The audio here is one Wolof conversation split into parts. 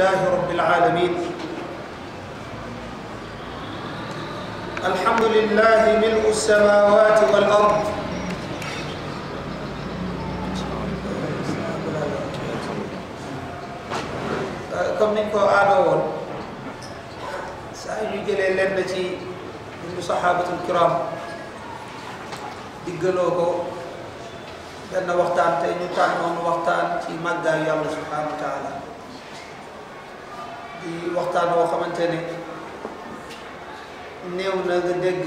لله رب العالمين الحمد لله ملء السماوات والأرض comme niñ ko aadoo woon saa yu ñu jëlee lenn ci dundu saxaabatul kiram diggaloo ko benn waxtaan tey ñu tànnoon waxtaan ci màggaayu yàlla subhanahu wa taala di waxtaan woo xamante ne néew na nga dégg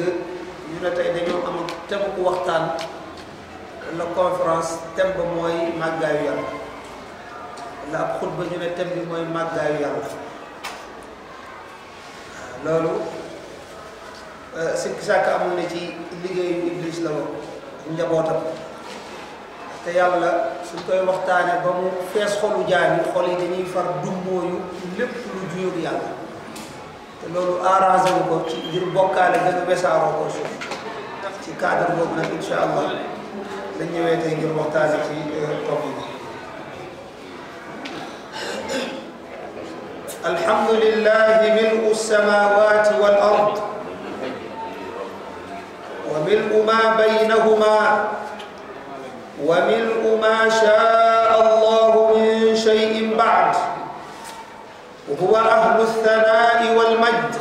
ñu ne tey dañoo am thème waxtaan la conférence tem ba mooy màggaayu yàlla ñu ne thème bi mooy màggaayu yàlla loolu euh, sikk sàkk amul ne ci liggéeyu Iblis la woon njabootam te yàlla suñ koy waxtaane ba mu fees xolu jaan yi xol yi dañuy far dummóoyu lépp néegu yàlla te loolu arrangé wu ko ci ngir bokkaale gën a wesaaroo ko suuf ci cadre boobu nag incha allah dañ ñëwee tey ngir waxtaane ci euh, topp bi alhamdulillahi milu samawati wal ard wa milu ma baynahuma wa milu ma shaa هو أهل الثناء والمجد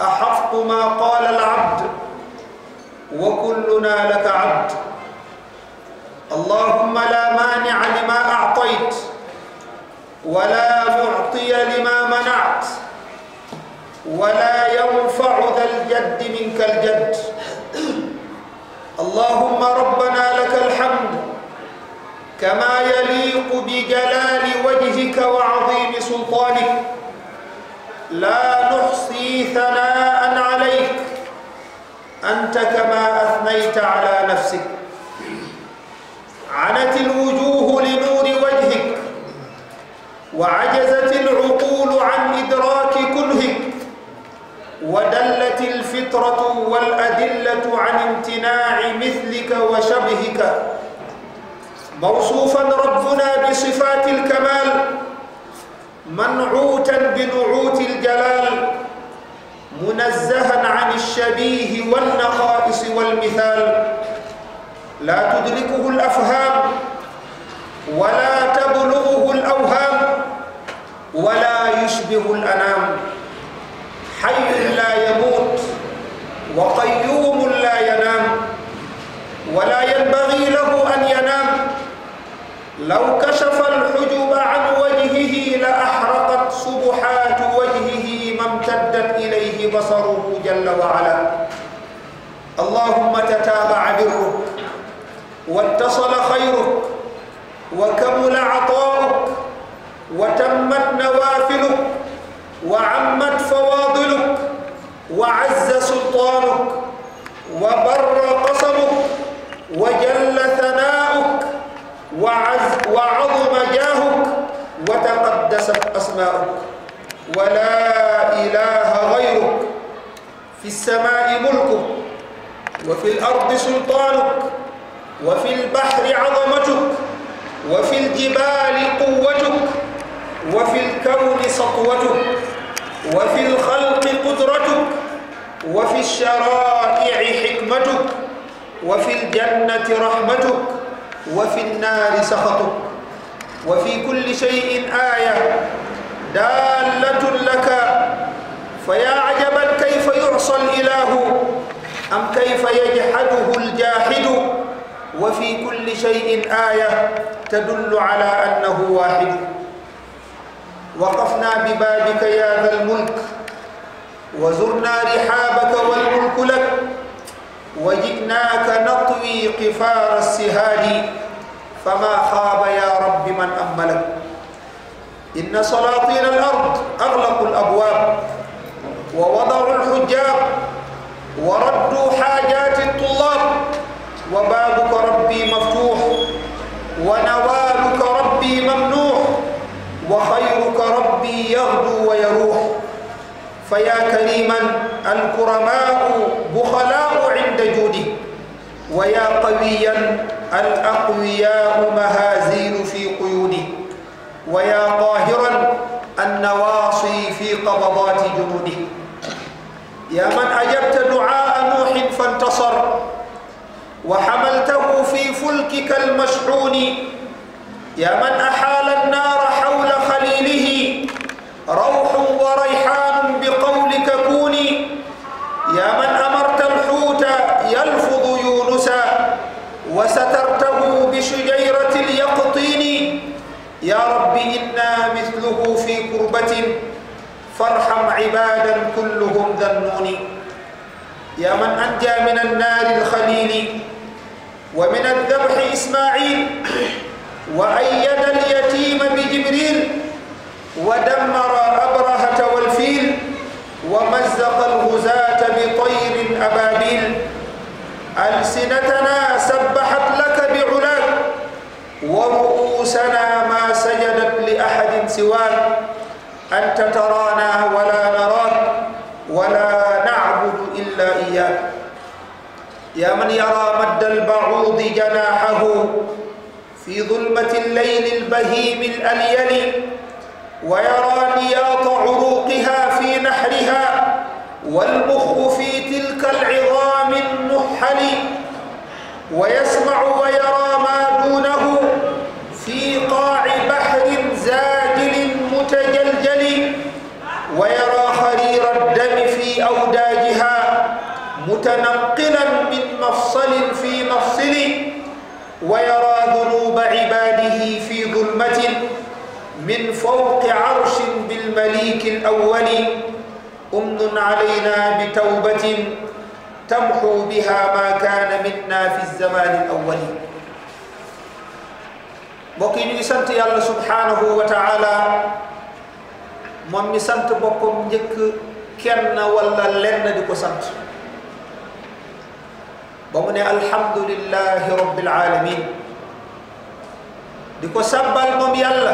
أحق ما قال العبد وكلنا لك عبد اللهم لا مانع لما أعطيت ولا معطي لما منعت ولا ينفع ذا الجد منك الجد اللهم ربنا لك الحمد كما يليق بجلال وجهك وعظيم سلطانك لا نحصي ثناء عليك أنت كما أثنيت على نفسك عنت الوجوه لنور وجهك وعجزت العقول عن إدراك كلهك ودلت الفطرة والأدلة عن امتناع مثلك وشبهك موصوفا ربنا بصفات الكمال منعوتا بنعوت الجلال منزها عن الشبيه والنقائص والمثال لا تدركه الافهام ولا تبلغه الاوهام ولا يشبه الانام حي لا يموت وقيوم لا ينام ولا ينبغي له ان ينام لو كشف الحجب عن وجهه بصره جل وعلا اللهم تتابع بره واتصل خيره وكمل عطاؤه وتمت نوافله وعمت فواضله وعز سلطانك وبر قسمك وجل ثناؤك وعز وعظم جاهك وتقدست أسماؤك ولا إله غيرك في السماء ملكك وفي الأرض سلطانك وفي البحر عظمتك وفي الجبال قوتك وفي الكون سطوتك وفي الخلق قدرتك وفي الشرائع حكمتك وفي الجنة رحمتك وفي النار سخطك وفي كل شيء آية دالة لك فيا عجبا كيف يعصى الإله أم كيف يجحده الجاحد وفي كل شيء آية تدل على أنه واحد وقفنا ببابك يا ذا الملك وزرنا رحابك والملك لك وجئناك نطوي قفار السهاد فما خاب يا رب من أملك إن سلاطين الأرض أغلقوا الأبواب ووضعوا الحجاب وردوا حاجات الطلاب وبابك ربي مفتوح ونوالك ربي ممنوح وخيرك ربي يغدو ويروح فيا كريما الكرماء بخلاء عند جودك ويا قويا الأقوياء مهازيل في قيودك ويا طاهرا النواصي في قبضات جنودك يا من أجبت دعاء نوح فانتصر وحملته في فلكك المشحون يا من أحال النار حول خليله روح وريحان بقولك كوني يا من أمرت الحوت يلفظ يونسا وسترته بشجيرة اليقطين يا رب إنا مثله في كربة فارحم عبادا كلهم ذنوني يا من أنجى من النار الخليل ومن الذبح إسماعيل وأيد اليتيم بجبريل ودمر أبرهة والفيل ومزق الغزاة بطير أبابيل ألسنتنا سبحت لك بعلاك ورؤوسنا ما سجدت لأحد سواك أنت ترانا ولا نراك ولا نعبد إلا إياك يا من يرى مد البعوض جناحه في ظلمة الليل البهيم الأليل ويرى نياط عروقها في نحرها والمخ في تلك العظام النحل ويسمع ويرى ما دونه في قاع بحر زاد ويرى خرير الدم في أوداجها متنقلا من مفصل في مفصل ويرى ذنوب عباده في ظلمة من فوق عرش بالمليك الأول أمن علينا بتوبة تمحو بها ما كان منا في الزمان الأول mbokk yi ñuy sant yàlla subhanahu wa ta'ala moom mi sant boppam njëkk kenn wala lenn di ko sant ba mu ne alhamdulillahi di ko sabbal moom yàlla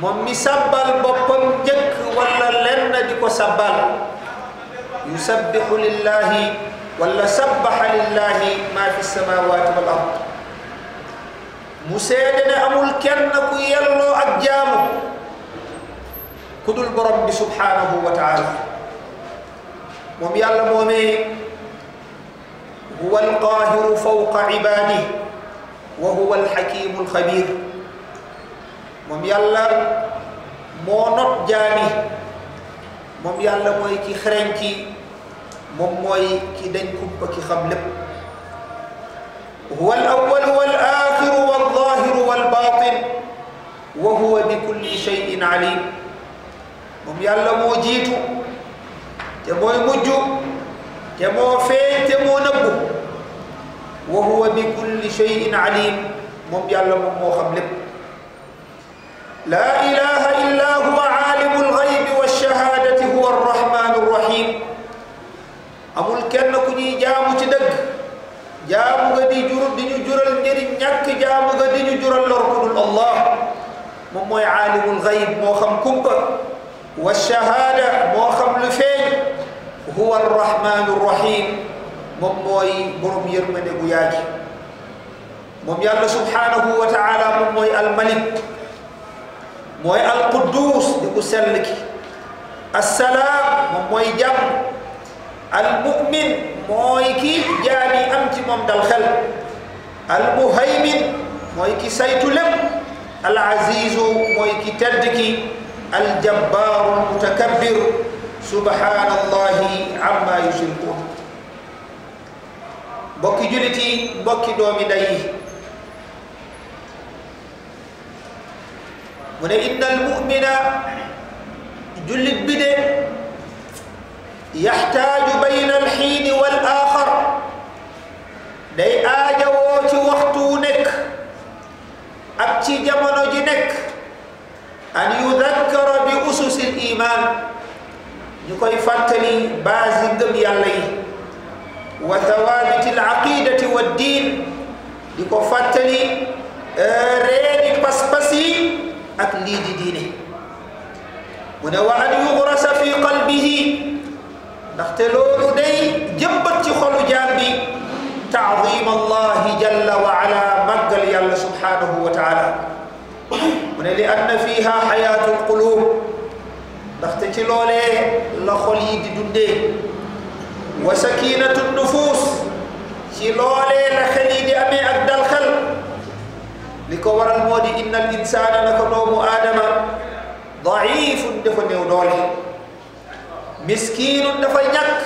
moom mi sabbal boppam njëkk wala lenn di ko sabbal yusabbihu lillahi wala sabbaha ma fi samawati wal ard mu seede ne amul kenn ku yelloo ak jaamu ku dul borom bi subhaanahu wa taala moom yàlla moomee huwa alqaahiru fawqa ibaadihi wa huwa alxakimu alxabir moom yàlla moo not jaami moom yàlla mooy ki xereñ ki moom mooy ki dañ kumpa ki xam lépp huwa alawalu wal axiru wal zaahiru wal baatin wa huwa bi kulli cheyin alim moom yàlla moo jiitu te mooy mujj te moo feeñ te moo nëbbu wa huwa bi kulli shay'in alim moom yàlla moom moo xam lépp laa ilaha illa huwa aalimu alxaybi walshahadati huwa arrahman arrahim amul kenn ku ñuy jaamu ci dëgg jaamu nga di jur di ñu jural njëriñ ñàkk jaamu nga di ñu jural lor ku dul allah moom mooy aalimul xayb moo xam kumpa wa shahaada moo xam lu feeñ huwa arrahmanu rahim moom mooy borom yërmande gu yaaji moom yàlla subhanahu wa taala moom mooy almalik mooy alquddus di ku sell ki assalaam moom mooy jàmm almumin mooy ki jaami am ci moom dal xel almuhaymin mooy ki saytu lépp alazizu mooy ki tedd ki aljabbaarul mutakabbir subhaanallahi ammaa yushrikuun mbokki jullit yi mbokki doomi day yi mu ne innal mu'mina jullit bi de yaxtaaju bayna alxiini wal aaxar day aajawoo ci waxtu nekk ak ci jamono ji nekk iman ñu koy fàttali base yi ngëm yàlla yi wa thawaabiti al aqidati wa diin di ko fàttali eh, reeni pas-pas yi ak lii di diine mu ne wa an yugrasa fi qalbihi ndaxte loolu day jëmbat ci xolu jaam bi taadim allahi jalla wa ala màggal yàlla subhanahu wa taala mu ne li anna fiha xayaatu alqulub ndaxte ci loolee la xol yi di dundee wa sakinatu nufuus ci loolee la xel yi di amee ak dal xel li ko waral moo di inna al insana naka doomu aadama daifun dafa néew doole miskinun dafa ñàkk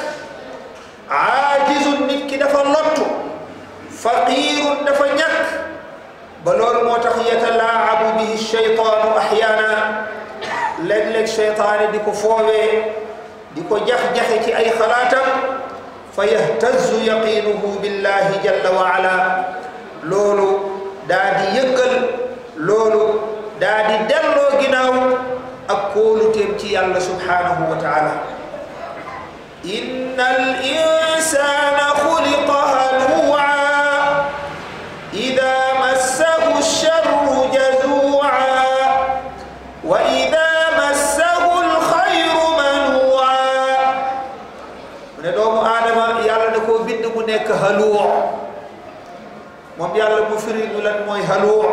aajizun nit ki dafa lottu faqirun dafa ñàkk ba loolu moo tax yatalaabu bihi shaytaanu axyaana léeg-léeg seytaane di ko foowee di ko jax-jaxe ci ay xalaatam fa yahtazu yaqinuhu billahi jalla wa ala loolu daa di yëggal loolu daa di delloo ginnaaw ak kóoluteem ci yàlla subhanahu wa taala inna al insana xuliqa nekk haluux moom yàlla bu firi ñu lan mooy haluux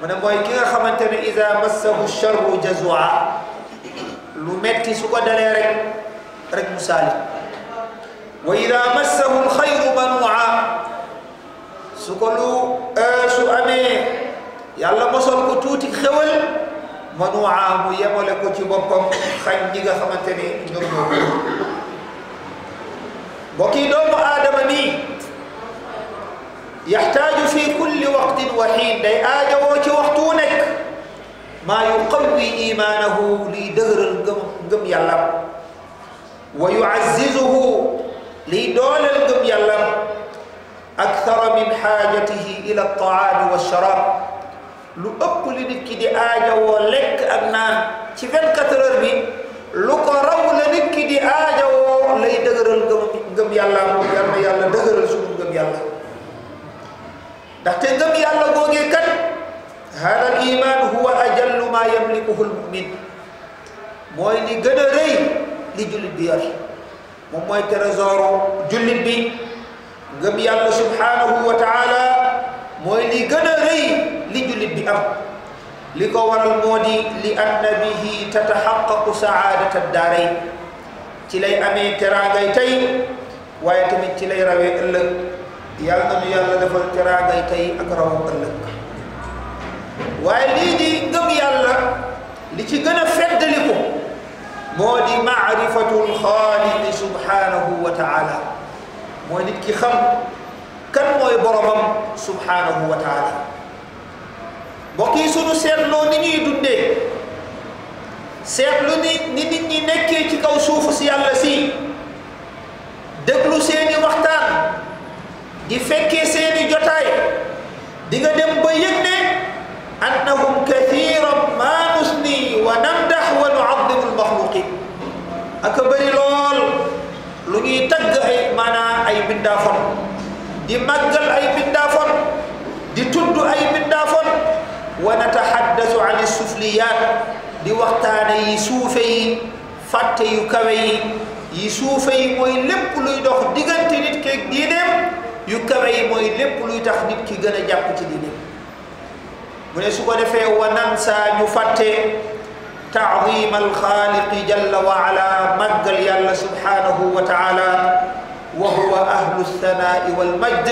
mu ne mooy ki nga xamante ne iza massahu sharru jazua lu metti su ko dalee rek rek mu saali wa ida massahu alxayru manua su ko lu euh, su amee yàlla mosol ko tuuti xewal manua mu yemale ko ci boppam xañ ñi nga xamante ne ñoom ñoo mbokk yi doomu aadama nii yaxtaaju fi kulli waqtin wa xiin day aajowoo ci waxtu wu nekk maa yuqawi imaanahu liy dëgëral ngëm ngëm yàllam wa yuazizuhu liy dooleel ngëm yàllam akthara min xaajatihi ila altaami walsharab lu ëpp li nit ki di aajowoo lekk ak naan ci 24 heures bi lu ko raw la nit ki di aajowoo lay dëgëral gëm yàlla moom yàlla yàlla dëgëral suñu yàlla ndaxte gëm yàlla googee kat hada al huwa ajallu ma yamlikuhu al mumin mooy li gën a rëy li jullit bi yor moom mooy trésor jullit bi ngëm yàlla subhanahu wa taala mooy li gën a rëy li jullit bi am li ko waral moo di li anna bihi tataxaqaqu saadata daaray ci lay amee teraangay tey waaye tamit ci lay rawee ëllëg yàlla na ñu yàlla defal teraangay tey ak rawu ëllëg waaye lii di ngëm yàlla li ci gën a feddali ko moo di maarifatul xaaliqi subhanahu wa taala mooy nit ki xam kan mooy boromam subhanahu wa taala mbokk yi sunu seetloo ni ñuy dundee seetlu ni nit ñi nekkee ci kaw suufu si yàlla si déglu seeni waxtaan di fekkee seeni jotaay di nga dem ba yëg ne annahum kathiran maa nusni wa namdax wa nuadimu almaxluqin aka bëri lool lu ñuy tagg ay maanaa ay bindaafon di màggal ay bindaafon di tudd ay bindaafon wa nataxaddasu an sufliyaat di waxtaane yi suufe yi fàtte yu kawe yi yi suufe yi mooy lépp luy dox diggante nit keeg diineem yu kawe yi mooy lépp luy tax nit ki gën a jàpp ci diineem mu ne su ko defee wa nansa ñu fàtte taadima alxaaliqi jalla wa ala màggal yàlla subhanahu wa taala wa huwa ahlu lsanai walmajd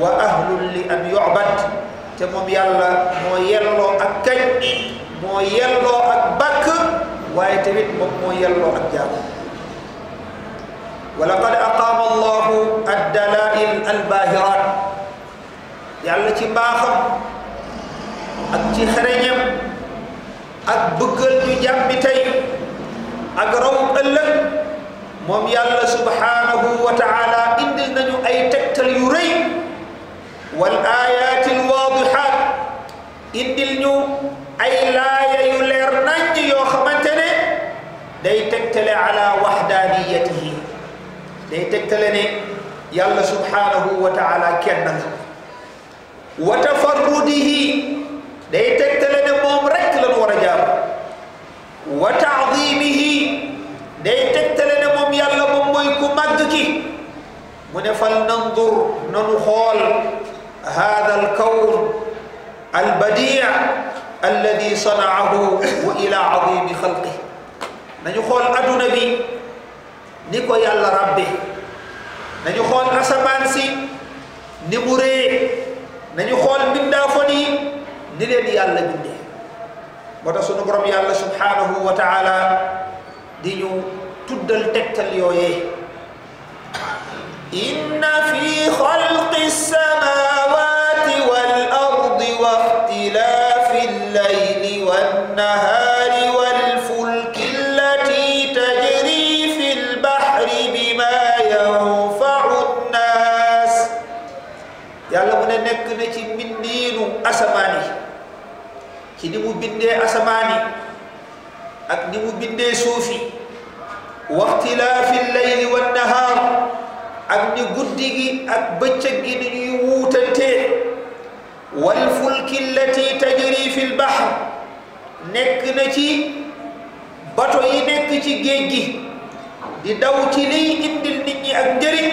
wa ahlun li an yubad te moom yàlla moo ak kañ moo yelloo ak bàkk waaye tamit moom moo yelloo ak jaamu wa laqad aqaama allahu ad-dalaa'il al-baahirat yàlla ci baaxam ak ci xereñam ak bëggal ñu jàmbi tey ak raw ëllëg moom yàlla subhanahu wa taala indil nañu ay tegtal yu rëy wal ayaati al waadihaat indil ñu ay laaya yu leer naññ yoo xamante ne day tegtale ala wahdaniyatihi day tegtale ne yàlla subhanahu wa taala kenn la wa tafarrudihi day tegtale ne moom rek lañ war a jaam wa taadimihi day tegtale ne moom yàlla moom mooy ku màgg ki mu ne fal nandur nanu xool هذا الكون البديع الذي صنعه وإلى عظيم خلقه nañu xool adduna bi ni ko yàlla rabbi nañu xool asamaan si ni mu ree nañu xool mbindaafon yi ni leen yàlla bindee moo tax sunu borom yàlla subhanahu wa taala di ñu tuddal tegtal yooyee inna fi xalqi samaa mu bindee asamaan yi ak ni mu bindee suuf yi wa ixtilaafi llayli wa nahaar ak ni guddi gi ak bëccëg gi ni ñuy wuutantee wal fulki allati tajri fi lbahr nekk na ci bato yi nekk ci géej gi di daw ci liy indil ak njëriñ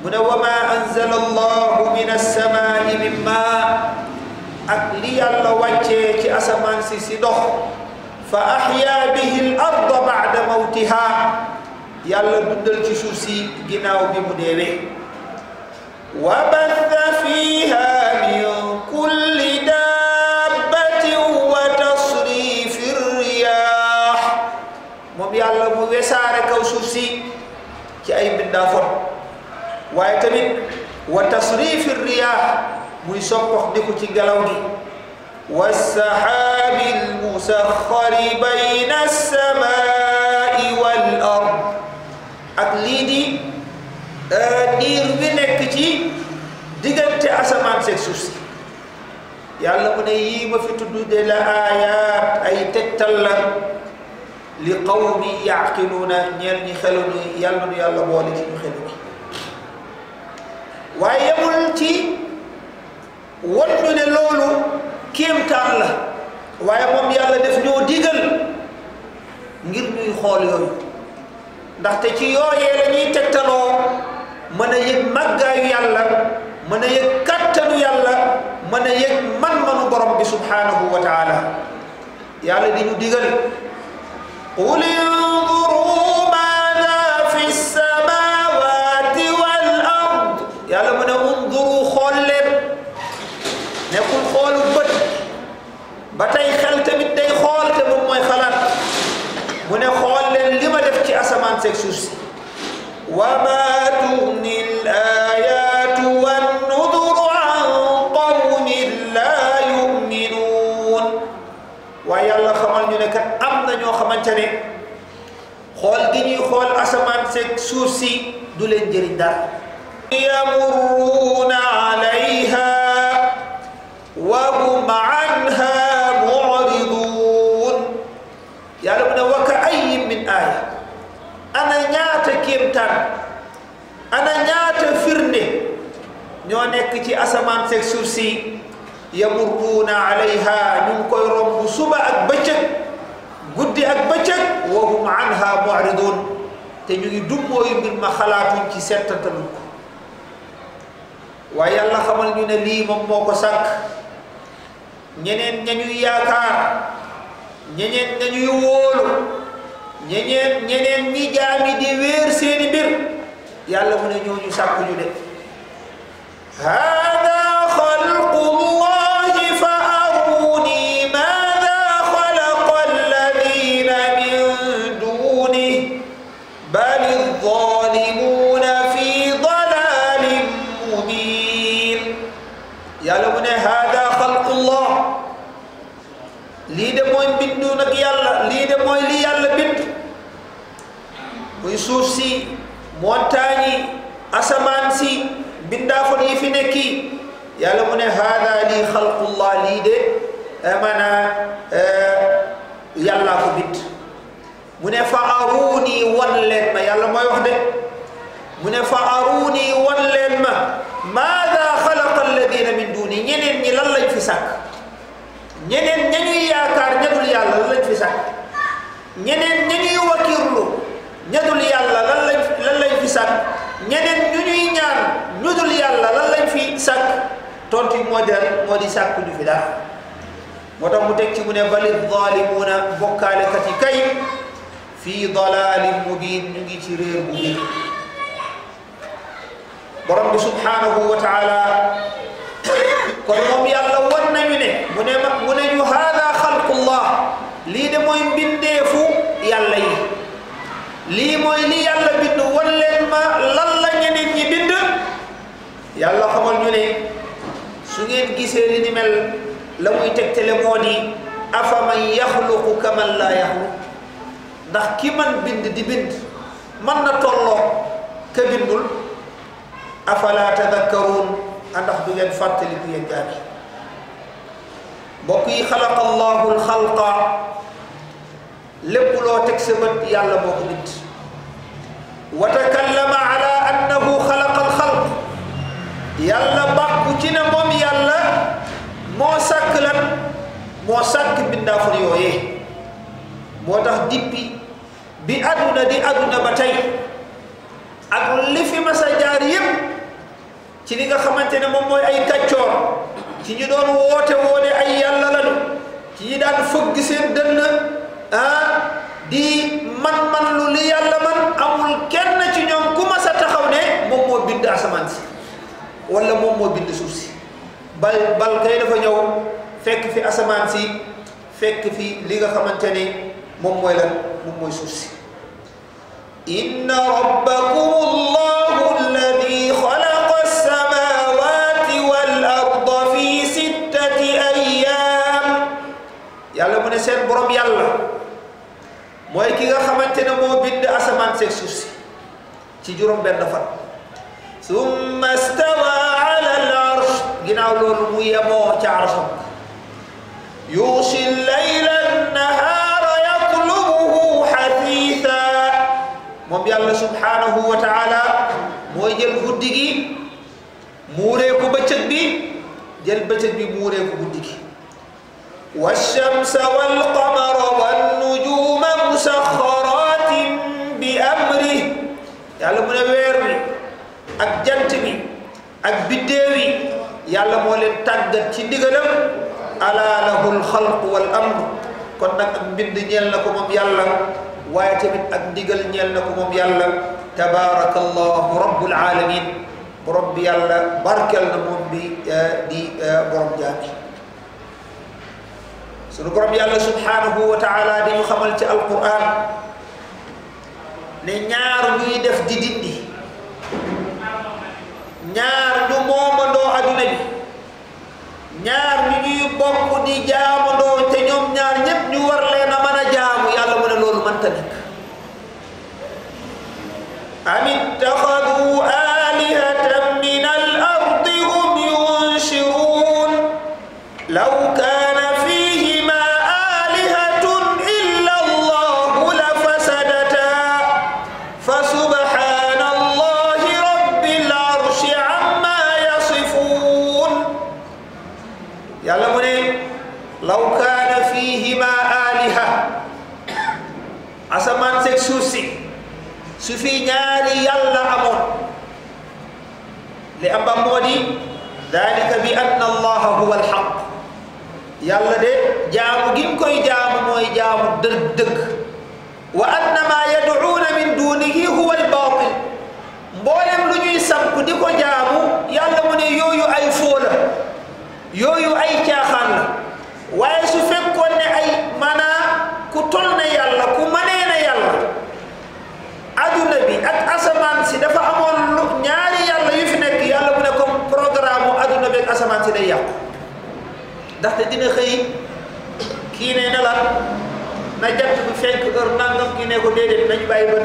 mu wa ma anzala allahu min alsamaai min maa ak li yàlla wàccee ci asamaan si si dox fa ahya bihi al arda ba'da mawtiha yàlla dundal ci suuf si ginnaaw bi mu deewee wa batha fiha min kulli dabbatin wa tasrifi riyah moom yàlla mu wesaare kaw suuf si ci ay bindaa fon waaye tamit wa tasrifi riyah muy soppox di ko ci galaw gi والسحاب المسخر بين السماء والأرض ak lii di diir euh, bi nekk ci diggante asamaan seeg suuf si yàlla mu ne yii ma fi tudd de la aayaat ay tegtal la li qawmi yaqiluuna ñeel ñi xelu ni yàlla nu yàlla boole ci ñu xelu ni waaye yemul ci wan ñu ne loolu kéemtaan la waaye moom yàlla def ñoo digal ngir ñuy xool yooyu ndaxte ci yooyee la ñuy tegtaloo mën a yëg màggaayu yàlla mën a yëg kàttanu yàlla mën a yëg man-manu borom bi subhanahu wa taala yàlla di ñu digal qul xoolu bët ba tey xel tamit day xool te moom mooy xalaat mu ne xool leen li ma def ci asamaan seeg suuf si wa ma tugni l ayatu wan nuduru an qawmin la yuminuun waaye yàlla xamal ñu ne kat am na ñoo xamante ne xool gi ñuy xool asamaan seeg suuf si du leen jëriñ dara yamuruuna alayha ana ñaata kéemtaan ana ñaata firnde ñoo nekk ci asamaan seeg suuf si yamurruuna alayha ñu koy romb suba ak bëccëg guddi ak bëccëg wa hum anha mu'ridun te ñu ngi dummooyu mbir ma xalaatuñ ci settantaluñ ko waaye yàlla xamal ñu moom moo ko sàkk ñeneen ñañuy yaakaar ñeneen ñañuy wóolu ñeneen ñeneen ñi jaami di wéer seeni mbir yàlla mu ne ñooñu sàkku ñu de suuf si montagne yi asamaan si bindaafon yi fi nekki yàlla mu ne haada lii xalqullah lii de maanaa eh, yàllaa ko bind mu ne fa aruuni wan leen ma yàlla mooy wax de mu ne fa aruuni wan leen ma maada xalaqa alladina min duuni ñeneen ñi lan lañ fi sàkk ñeneen ñañuy yaakaar ñadul yàlla lan lañ fi sàkk ñeneen ñañuy wakkirlu ñadul yàlla lan lañ lan lañ fi sàkk ñeneen ñu ñuy ñaan ñudul yàlla lan lañ fi sàkk tontu moo di moo di sàkk ñu fi daal moo tax mu teg ci mu ne bali zaalimuuna bokkaalekat yi kay fii dalaalin mubiin ñu ngi ci réer bu biir borom bi subhaanahu wa taala kon moom yàlla wan nañu ne mu ne ma mu ne ñu haada xalqullah lii de mooy mbindeefu yàlla yi lii mooy lii yàlla bind wan leen ma lan ñeneen ñi bind yàlla xamal ñu ne su ngeen gisee li ni mel la muy tegtale moo di afaman yaxluqu kaman laa yaxluq ndax ki man bind di bind mën na tolloo ka bindul afala tadakkaruun ndax du ngeen fàttali bu ngeen jaami mbokk yi xalaqa allahu alxalqa lépp loo teg sa bët yàlla moo ko bind wa takallama ala annahu xalaqa alxalq yàlla bàkku ci ne moom yàlla moo sàkk lan moo sàkk mbindaafar yooyee moo tax dippi bi àdduna di àdduna ba tey ak li fi masa jaar yépp ci li nga xamante ne moom mooy ay kàccoor ci ñu doon woote woone ay yàlla lañu ci ñi daan fëgg seen dënn ah di man-man lu li yàlla man amul kenn ci ñoom ku mas a taxaw ne moom moo bind asamaan si wala moom moo bind suuf si bal bal kay dafa ñëw fekk fi asamaan si fekk fi li nga xamante ni moom mooy lan moom mooy suuf si inna rabbakum mooy ki nga xamante ne moo bind asamaan seeg suuf si ci juróom benn fan summa stawa ala al arsh ginnaaw loolu mu yemoo ca arsham yuusi layla nahaara yatlubuhu xafiisa moom yàlla subhanahu wa taala mooy jël guddi gi muuree ko bëccëg bi jël bëccëg bi muuree ko guddi gi wa shamsa wal qamara musaxaratin bi amri yàlla mu ne weer wi ak jant bi ak biddéew yi yàlla moo leen tàggat ci ndigalam alaa lahul xalq wal amr kon nag ak mbind ñeel na ko moom yàlla waaye tamit ak ndigal ñeel na ko moom yàlla tabaraka allahu rabbul alamin borom bi yàlla barkeel na moom bi eh, di eh, borom jaami sunu borom yàlla subhanahu wa taala dañu xamal ci alquran ne ñaar ñuy def di dindi ñaar ñu moomandoo adduna bi ñaar ñu ñuy bokk di jaamandoo te ñoom ñaar ñépp ñu war leen a mën a jaamu yàlla mu ne loolu mënta nekk amit taxadu fi ñaari yàlla amoon li am am moo di bi anna allaha huwa alxaq yàlla de jaamu gi koy jaamu mooy jaamu dëgg dëgg wa anna ma yad'uuna min dunihi huwa albaatil mboolem lu ñuy samp di ko jaamu yàlla mu ne yooyu ay foo la yooyu ay caaxaan la waaye su fekkoon ne ay maanaa ku tol na yàlla ku mane aduna bi ak asamaan si dafa amoon lu ñaari yàlla yu fi nekk yàlla mu ne ak asamaan si day yàqu ndaxte dina xëy kii ne na la na jant bi kii ne ko déedéet nañu bàyyi ba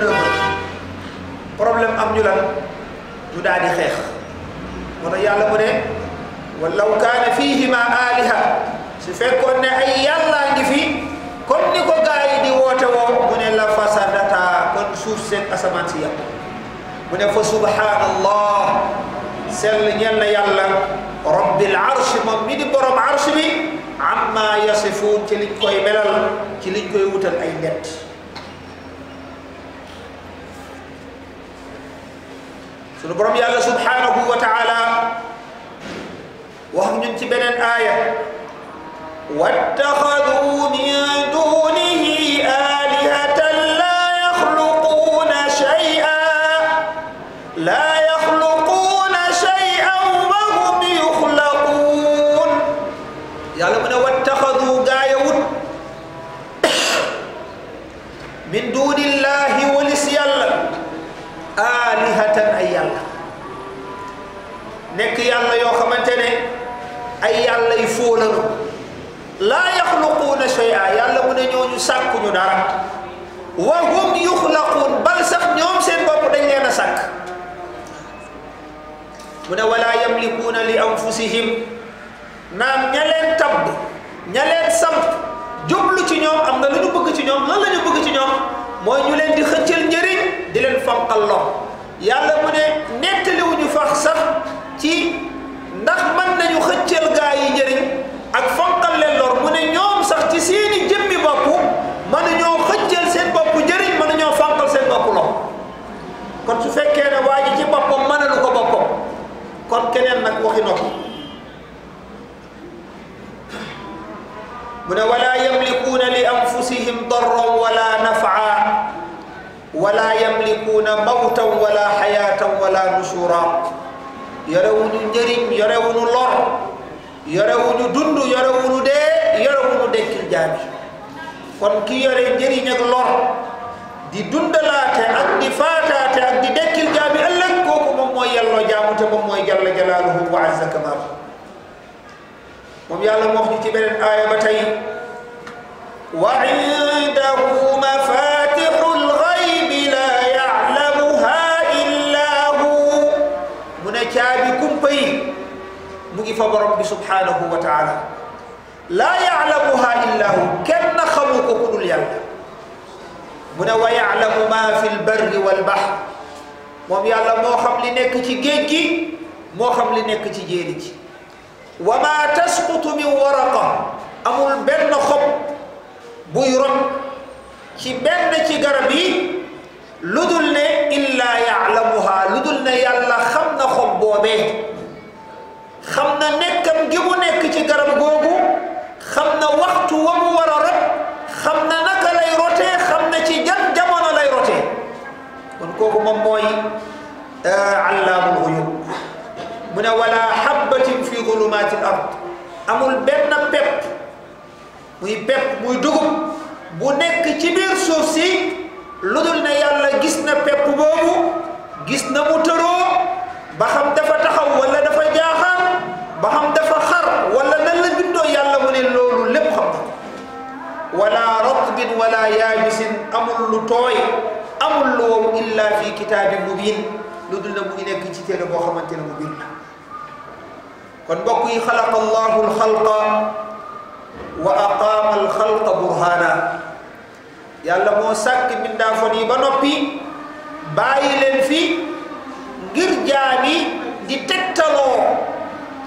problème am ñu lan ñu xeex moo tax mu ne walaw kaana fiihima aaliha su fekkoon ne ay yàlla asamaan si yàqu mu ne fa subhaanallah sell ñel na yàlla rabbil arsh moom mi di borom arsh bi amma yasifuun ci liñ koy melal ci liñ koy wutal ay ndet sunu borom yàlla subhaanahu wa taala wax ñun ci beneen aaya wattaxadu min dunihi nekk yàlla yoo xamante ne ay yàlla yu fóolanu laa yaxluquuna shay'a yàlla mu ne ñooñu sàkkuñu dara wa hum yuxlaquun bal sax ñoom seen bopp dañ leen a sàkk mu ne wala yamlikuuna li anfusihim naam ña leen tabb ña leen samp jublu ci ñoom am na lu ñu bëgg ci ñoom la ñu bëgg ci ñoom mooy ñu leen di xëccal njëriñ di leen fanqal lox yàlla mu ne nettaliwuñu fax sax ci ndax mën nañu xëccal gaa yi njëriñ ak fonkal leen lor mu ne ñoom sax ci seeni jëmmi bopp mënuñoo xëccal seen bopp njëriñ mënuñoo fonkal seen bopp lor kon su fekkee ne waa ji ci boppam mënalu ko boppam kon keneen nag waxi noppi mu ne wala yamlikuuna li anfusihim darran wala nafaa wala yamlikuuna mawtan wala xayaatan wala nusuura yorewuñu njëriñ yorewuñu lor yorewuñu dund yorewuñu dee yorewuñu dekkil jaami kon ki yore njëriñ ak lor di dundalaate ak di faataate ak di dekkil jaami ëllëg kooku moom mooy yelloo jaamu moom mooy jalla jalaaluhu wa azza kamaalu moom yàlla moo wax ñu aaya ba tey ngi fa borom bi subhanahu wa taala laa yaalamuha illa hu kenn xamu ko ku dul yàlla mu ne wa yaalamu ma fi lbarri walbahr moom yàlla moo xam li nekk ci géej gi moo xam li nekk ci jéeri ji wa ma tasqutu min waraqa amul benn xob buy rot ci benn ci garab yi lu dul ne illa yaalamuha lu dul ne yàlla xam na xob boobee xam na nekkam gi mu nekk ci garab googu xam na waxtu wa mu war a rot xam na naka lay rotee xam na ci jan jamono lay rotee kon kooku moom mooy euh, allaamul xuyub mu ne wala xabbatin fi zulumaati l ard amul benn pepp muy pepp muy dugub bu nekk ci biir suuf si lu dul ne yàlla gis na pepp boobu gis na mu tëroo ba xam dafa taxaw wala dafa jaaxaan ba xam dafa xar wala nan la bindoo yàlla mu ne loolu lépp xam wala ratbin wala yaabisin amul lu tooy amul lu wow illa fi kitaabin mubin lu dul na mu ngi nekk ci téere boo xamante ne mu biir la kon mbokk yi xalaqa allahu alxalqa wa aqaama alxalqa burhaana yàlla moo sàkk mbindaa fon yi ba noppi bàyyi leen fii ngir jaam yi di tegtaloo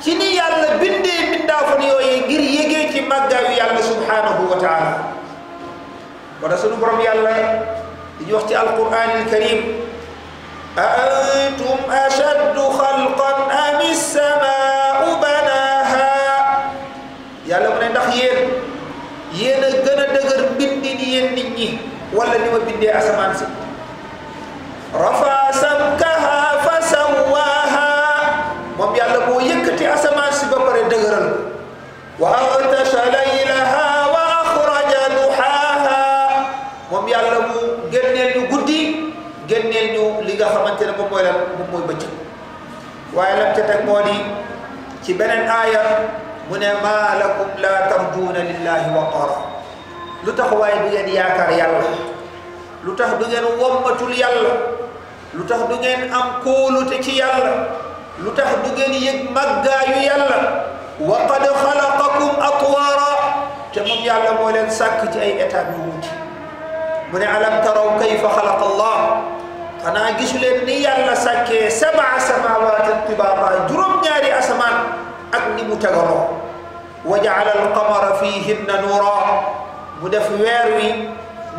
ci ni yàlla bindee bindaafan yooyu ngir yégee ci màggaayu yàlla subhaanahu wa taala wala sunu borom yàlla di wax ci alquran alkarim a antum ashaddu xalqan am issamaau banaaha yàlla mu ne ndax yéen yéen a gën a dëgër bindi ni yéen nit ñi wala ni ma bindee asamaan si rafa samka borom yàlla moo yëkkati asamaan si ba pare dëgëral wa aghtasha laylaha wa akhraja duhaha moom yàlla mu génneel ñu guddi génneel ñu li nga xamante ne moom mooy ba moom mooy bëccëg waaye lam ci beneen aaya mu ne maa lakum laa tarjuuna lillahi waqara lu tax waaye du ngeen yaakaar yàlla lu tax du ngeen wommatul yàlla lu tax du ngeen am kóolute ci yàlla lu tax du ngeen yëg màggaayu yàlla wa qad xalaqakum atwaara te moom yàlla moo leen sàkk ci ay état yu wuti mu ne alam taraw kayfa xalaqa allah xanaa gisu leen ni yàlla sàkkee sabaa samawaatin tibaaqaa juróom-ñaari asamaan ak ni mu tegaloo wa jaala alqamara fihinna nuura mu def weer wi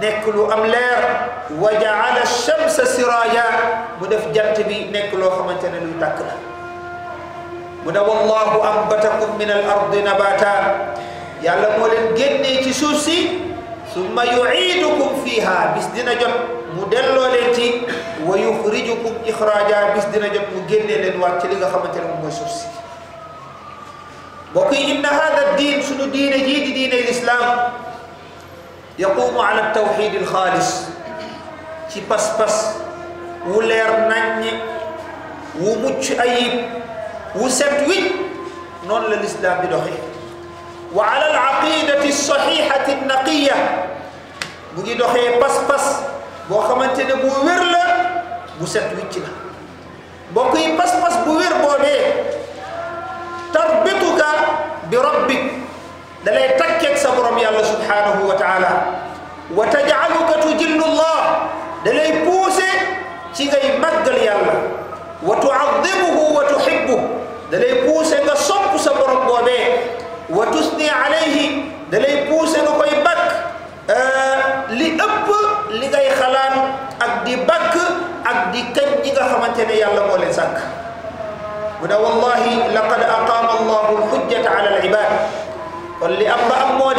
nekk lu am leer wa jaala shamsa siraja mu def jant bi nekk loo xamante ne luy tàkk la mu ne wallahu ambatakum min al ardi nabata yàlla moo leen génnee ci suuf si summa yuiidukum fiha bis dina jot mu delloo leen ci wa yuxrijukum ixraaja bis dina jot mu génnee leen waat ci li nga xamante ne moom mooy suuf si mbokk yi inna hada diin sunu diine jii di diine lislaam yaqumu ala tawxid alxaalis ci pas-pas wu leer naññ wu mucc ayib wu set wicc noonu la lislaam di doxe wa ala alaqidati alsaxixati alnaqiya bu ngi doxee pas-pas boo xamante ne bu wér la bu set wicc la bokk yi pas-pas bu wér boobee tarbituka bi rabbik da lay takkeeg sa borom yàlla subhanahu wa taala wa tajaaluka tujillullah da lay poussé ci ngay màggal yàlla wa tuadimuhu wa tuhibbu da lay poussé nga sopp sa borom boobee wa tusni alayhi da lay poussé nga koy bakk li ëpp li ngay xalaat ak di bakk ak di kañ ñi nga xamante ne yàlla moo leen sàkk mu ne wallahi laqad aqaama allahu alhujjata ala alibad kon li am ba am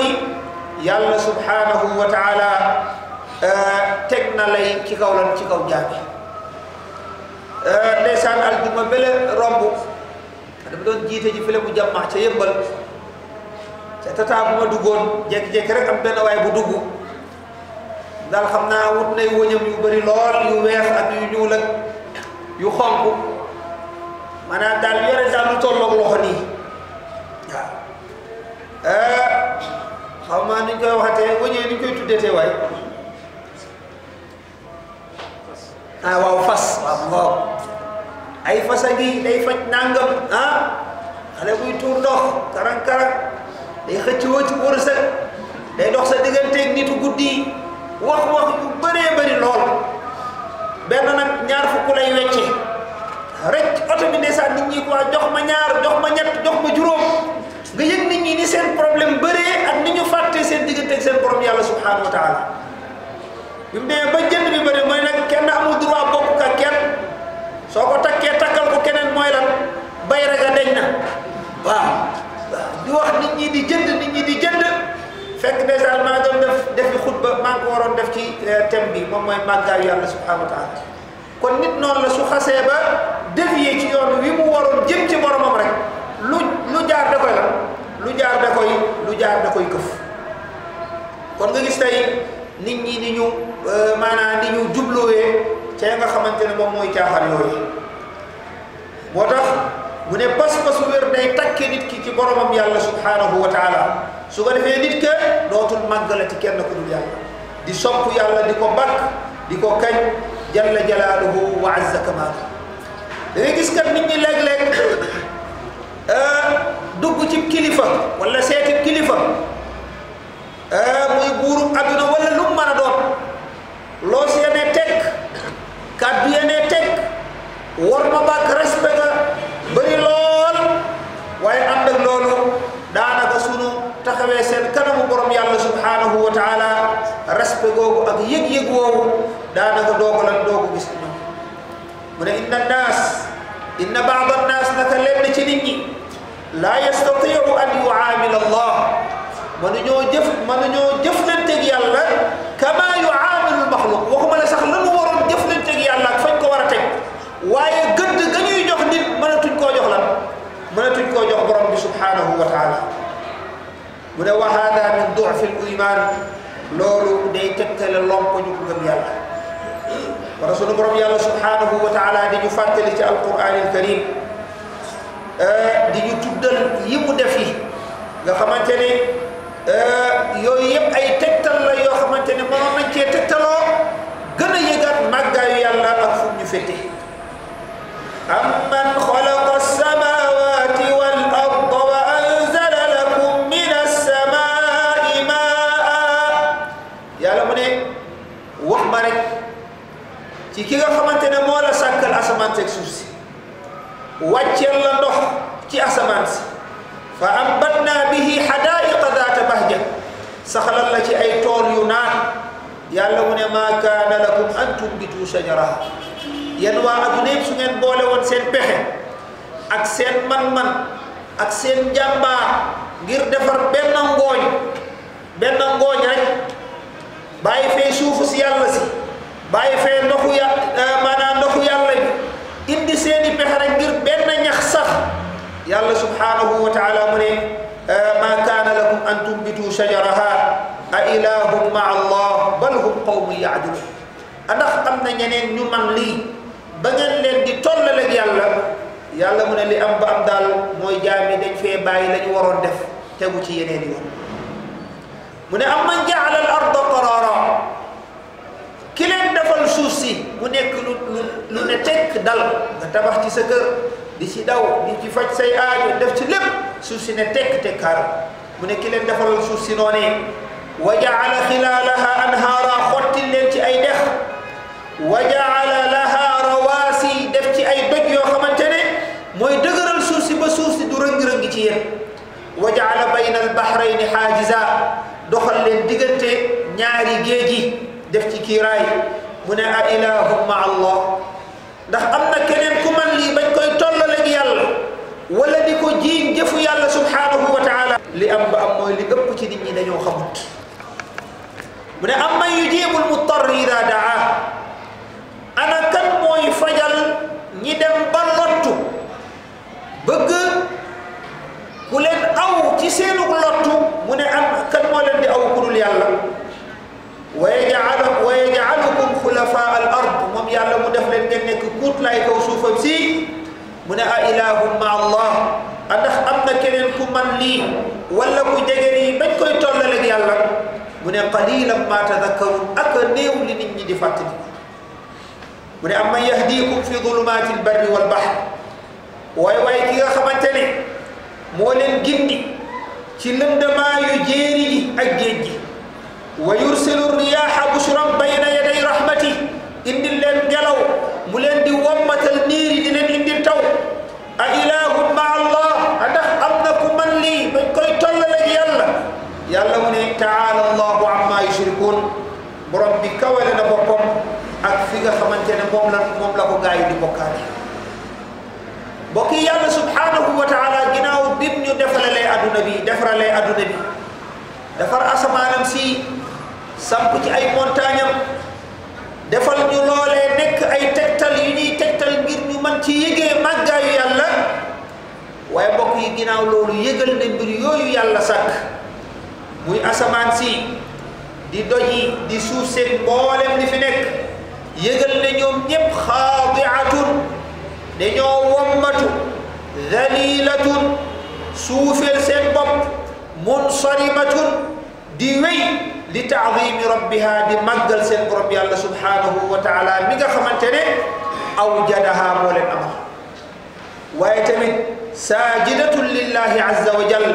yàlla subhanahu wa taala euh, teg na lay ci kaw lan ci kaw jàmbi euh, ndeysaan aljuma bele romb dama doon jiite ji fële mu jàmma ca yëmbal ca tataa ma duggoon jékki-jékki rek am benn waay bu dugg daal xam naa wut nay wëñam yu bëri lool yu weex ak yu ñuul ak yu xonk maanaam daal yore daal lu tolloog loxo nii Eh, xaw ma ni ñu koy waxatee wëñee ni ñu koy tuddetee waay ah, waaw fas waaw ay fas a ngi day faj nangam ah xale buy tuur ndox karang karang day xëcc wëcc wërsëg day dox sa digganteeg nitu guddi wax wax yu bëree bëri lool benn nag ñaar fukk lay wecce rek oto bi ndeysaan nit ñi quoi jox ma ñaar jox ma ñett jox ma juróom nga yëg nit ñi ni seen problème bëree ak ni ñu fàtte seen diggante ak seen borom yàlla subhanahu wa taala bi mu demee ba jënd bi bëri mooy nag kenn amul droit bokk ka kenn soo ko takkee takkal ko keneen mooy lan bay rek a deñ na waaw waaw di wax nit ñi di jënd nit ñi di jënd fekk dèjà maa doon def defi xutba maa ngi ko waroon def ci euh, thème bi moom mooy màggaayu yàlla subhanahu wa kon nit noonu la su xasee ba dévier ci yoon wi mu waroon jëm ci boromam rek lu lu jaar lu jaar da koy du jaar da koy këf kon nga gis tey nit ñi di ñu euh, maanaam di ñu jubluwee ca nga xamante ne moom mooy caaxaan yooyu moo tax bu ne pas-pasu wér day takke nit ki ci boromam yàlla subhanahu wa taala su ko defee nit ke dootul màggala ci kenn ku dul yàlla di sopp yàlla di ko bakk di ko kañ jalla jalaaluhu wa azza kamaalu da gis kat nit ñi léeg-léeg Euh, dugg ci kilifa wala seeti kilifa euh, muy buurub adduna wala lu mën a doon loos ya ne teg kàddu ya ne war ma baag respect ga bëri lool waaye ànd ak loolu daanaka sunu taxawee seen kanamu borom yàlla subhanahu wa taala respect googu ak yëg-yëg woowu daanaka doogu lan doogu gis mu ne inna naas inna baad annaas naka lenn ci nit ñi laa yastatiiu an yuaamila allah mënuñoo jëf mënuñoo jëflanteeg yàlla kama yuaamilul maxluq waxuma la sax lanu waroon jëflanteeg yàlla ak fañ ko war a teg waaye gëdd ga ñuy jox nit mënatuñ koo jox lan mënatuñ koo jox borom bi subhanahu wa taala mu ne wa haada min dufi l iman loolu day tegtale lomp ñu ko gëm yàlla wala sunu borom yàlla subhanahu wa taala di ñu fàttali ci alquranil karim eh, di ñu tuddal yi mu def yi nga xamante ne eh, yooyu yëpp ay tegtal la yoo xamante ne mënoon nañ cee tegtaloo gën a yëgaat màggaayu yàlla ak fu ñu féete amman xalaq ci ki nga xamante ne moo la sàkkal asamaan si ak suuf si wàcceel la ndox ci asamaan si fa ambatnaa bihi xadaaiqa daata bahja saxalal la ci ay tool yu naan yàlla mu ne maa kaana lakum an tumbitu sajaraha yéen waa adduna yëpp su ngeen boole woon seen pexe ak seen man-man ak seen njàmbaar ngir defar benn ngooñ benn ngooñ rek bàyyi fee suufu si yàlla si bàyyi fee ndoxu ya euh, maanaam ndoxu yàlla indi seeni pexe rek ngir benn ñax sax yàlla subhanahu wa taala mu ne euh, ma kaana lakum an tumbitu shajaraha a ilahum ma allah bal hum qawmun yaadilun ndax am na ñeneen ñu man lii ba ngeen leen di tollal ak yàlla yàlla mu ne li am am daal mooy jaam yi dañ fee bàyyi la ñu waroon def tegu ci yeneen yoon mu ne am man jaala ki leen defal suuf si mu nekk lu lu lu ne tekk dal nga tabax ci sa di ci daw di ci faj say aajo def ci lépp suuf si ne tekk tekkaar mu ne ki leen defal suuf si noonee wa jaala xilaalaha anhaara xottil leen ci ay dex wa jaala laha rawaasi def ci ay doj yoo xamante ne mooy dëgëral suuf si ba suuf si du rëng-rëng ci yéen wa jaala bayna albahrayni xaajisa doxal leen diggante ñaari géej yi def ci kiiraay mu ne a ilahum ma allah ndax am na keneen ku man lii bañ koy tollale ak yàlla wala di ko jiiñ jëfu yàlla subhanahu wa taala li am ba am mooy li ëpp ci nit ñi dañoo xamut mu ne am man yujibu lmuttar ida daa ana kan mooy fajal ñi dem ba lottu bëgg ku leen aw ci seenu lottu mu ne am kan moo leen di aw ku dul yàlla wa yaj'alukum wa yaj'alukum xulafaa al ard moom yàlla mu def leen ngeen nekk kuut laay kaw suufam si mu ne a ilahum ma allah ndax am na keneen ku man lii wala ku jege nii bañ koy tollaleeg yàlla mu ne qalilan ma tadakkarun ak néew li nit ñi di fàttali mu ne am man yahdikum fi dulumaati albarri wal bahr waaye waaye ki nga xamante ne moo leen gindi ci lëndëmaa yu jéeri yi ak géej gi wa yursilu riyaaha bushran bayna yaday rahmati indil leen ngelaw mu leen di wommatal niir yi di leen indil taw a ilaahun ma allah a ndax am na ku man lii bañ koy tollale yàlla yàlla mu ne taala allahu amma yushrikun borom bi kawale na boppam ak fi nga xamante ne moom la moom la ko gaa yi di bokkaale mbokk yi yàlla subhanahu wa taala ginnaaw bim ñu defaralee adduna bi defaralee adduna bi defar asamaanam si samp ci ay montagne am defal ñu loolee nekk ay tegtal yu ñuy tegtal ngir ñu man ci yëgee màggaayu yàlla waaye mbokk yi ginnaaw loolu yëgal na mbir yooyu yàlla sàkk muy asamaan si di doj yi di suuf seen mboolem li fi nekk yëgal na ñoom ñépp xaadiatun dañoo wommatu dalilatun suufeel seen bopp munsarimatun di wéy li taadimi rabbiha di màggal seen borom yàlla subhanahu wa taala mi nga xamante ne aw jadaha moo leen amal waaye tamit saajidatun lillahi azza wa jal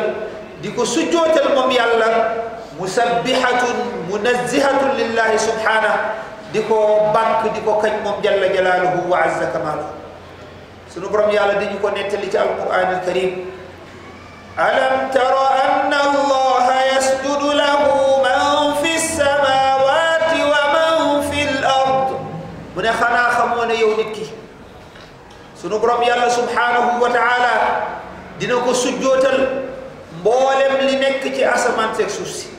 di ko sujjootal moom yàlla musabbihatun munazzihatun lillahi subhanahu di ko bàkk di ko kañ moom jalla jalaaluhu wa azza kamaaluhu sunu borom yàlla dañu ko nettali ci alquran alkarim alam tara anna allaha sunu borom yàlla subhanahu wa taala dina ko sujjootal mboolem li nekk ci asamaan seeg suuf si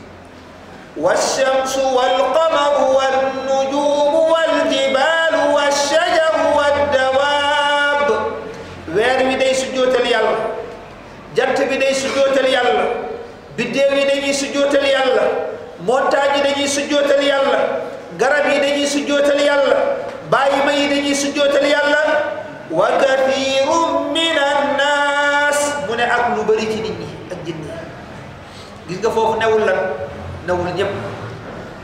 والشمس والقمر والنجوم والجبال والشجر والدواب weer wi day sujjootal yàlla jant bi day sujjootal yàlla biddéew yi dañuy sujjootal yàlla montagne yi dañuy sujjootal yàlla garab yi dañuy sujjootal yàlla bàyyima yi dañuy sujjootal yàlla wa kathiirun min annaas mu ne ak lu bëri ci nit ñi ak jinne gis nga foofu newul lan newul ñëpp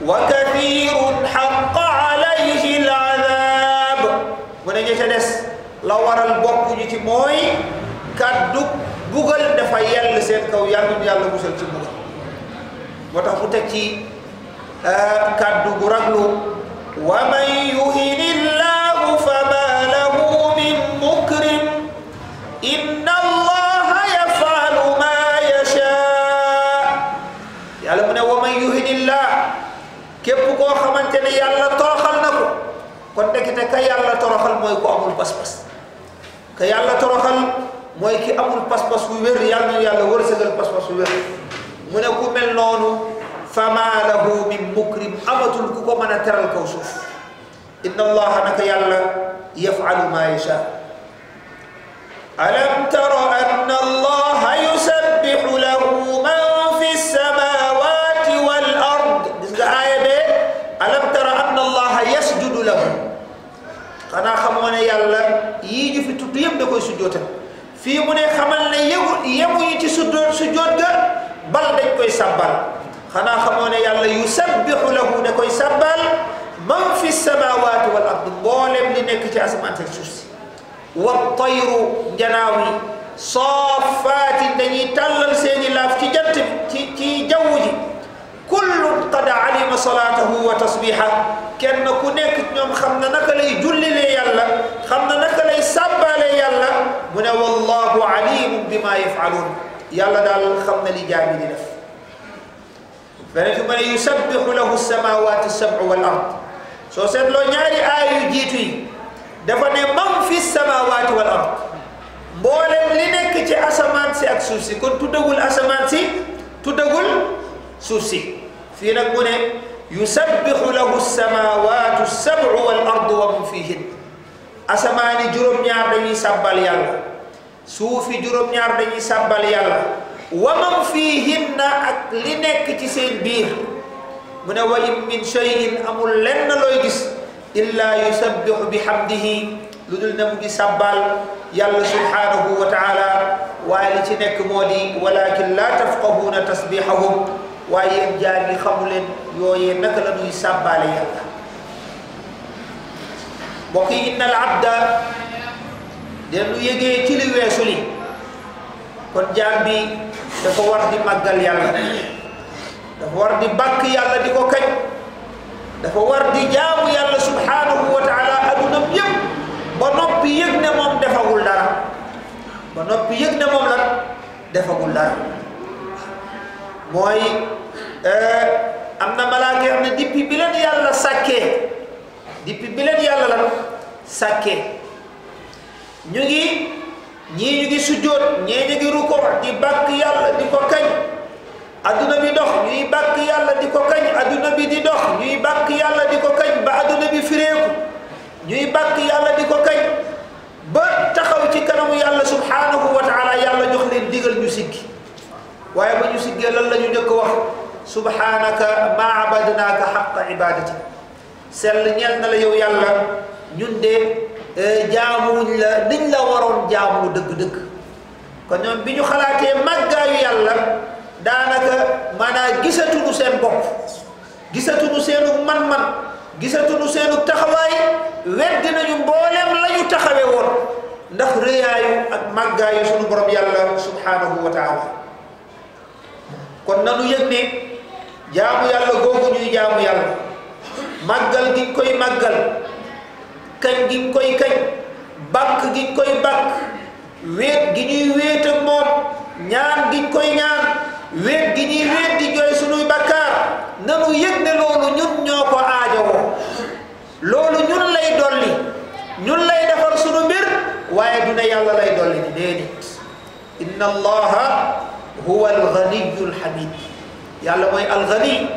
wa kathiirun xaqa alayhi al azaab mu ne ñi ca des la waral bokk ñu ci mooy kàddu bugal dafa yell seen kaw yàlla yàlla musal ci bugal moo tax mu teg ci euh, kàddu gu raglu wa man toroxal mooy ku amul pas-pas que yàlla toroxal mooy ki amul pas-pas wu wér yàlla na yàlla wërsëgal pas-pas wu wér mu ne ku mel noonu fama lahu min mukrim amatul ku ko mën a teral kaw suuf inna allaha naka yàlla yafalu ma yasha alam tara anna allaha moo ne yàlla yii ñu fi tudd yëpp da koy sujjootal fii mu ne xamal ne yemu yemuñu ci sujjoot sujjoot ga bal dañ koy sabbal xanaa xamoo ne yàlla yusabbihu lahu da koy sabbal man fi samaawaati wal ard mboolem li nekk ci asamaan ak suuf si wa tayru njanaaw yi soofaati dañuy tàllal seeni laaf ci jant ci ci jaww ji kullum qad alima salaatahu wa tasbiha kenn ku nekk ñoom xam na naka lay jullilee yàlla xam na naka lay sàbbaale yàlla mu ne wallahu alimun bima yafaluun yàlla daal xam na li jaam yi di def beneen fi ma ne yusabbihu lahu samawati sab'u wal ard soo seetloo ñaari aay yu jiitu yi dafa ne man fi samawati wal ard mboolem li nekk ci asamaan si ak suuf si kon tuddagul asamaan si tuddagul suuf si fii nag mu ne yusabbixu lahu samaawaatu sab'u wal ardu wa man fihin asamaani juróom-ñaar dañuy sàbbal yàlla suufi juróom-ñaar dañuy sàbbal yàlla wa man fihinna ak li nekk ci seen biir mu ne wa in min shay'in amul lenn looy gis illaa yusabbixu bihamdihi lu dul ne mu ngi sàbbaal yàlla subhaanahu wa taala waaye li ci nekk moo di walakin laa tafqahuuna tasbihahum waaye yéen jaar yi xamuleen leen yooyee naka la ñuy sàbbaale yàlla mbokk yi innal abda de lu yëgee ci li weesu li kon jaam bi dafa war di màggal yàlla dafa war di bàkk yàlla di ko kañ dafa war di jaamu yàlla wa taala adunam noppi yëg ne moom defagul dara ba noppi yëg ne moom defagul dara mooy euh, am na malaaka yoo xam ne depuis bi leen yàlla sàkkee depuis bi leen yàlla lan sàkkee ñu ngi ñii ñu ngi sujjóot ñee ñu ngi ruko di bàkk yàlla di ko kañ adduna bi dox ñuy bàkk yàlla di ko kañ adduna bi di dox ñuy yàlla di ko kañ ba adduna bi fireeku ñuy bàkk yàlla di ko kañ ba taxaw ci kanamu yàlla subhanahu wa taala yàlla jox leen digal ñu siggi waaye ba ñu siggee lan la ñu njëkk wax subhaanaka maa abadnaaka xaqa ibadati sell ñeel na la yow yàlla ñun de e, jaamuwuñ la niñ la waroon jaamu dëgg-dëgg kon ñoom bi ñu xalaatee màggaayu yàlla daanaka maanaam gisatuñu seen bopp gisatuñu seenu man-man gisatuñu seenu taxawaay weddi nañu mbooleem la ñu taxawee woon ndax rëyaayu ak màggaayu sunu borom yàlla wa taala kon nanu yëg ne jaamu yàlla googu ñuy jaamu yàlla màggal gi koy màggal kañ gi koy kañ bàkk gi koy bàkk wéet gi ñuy wéet ak moom ñaan gi koy ñaar wéet gi ñuy wéet di jooy sunuy bakkaar nanu yëg ne loolu ñun ñoo ko aajowoo loolu ñun lay dolli ñun lay defar sunu mbir waaye du yàlla lay dolli di déedéet inna allaha huwa alganiyu alhamid yàlla mooy algani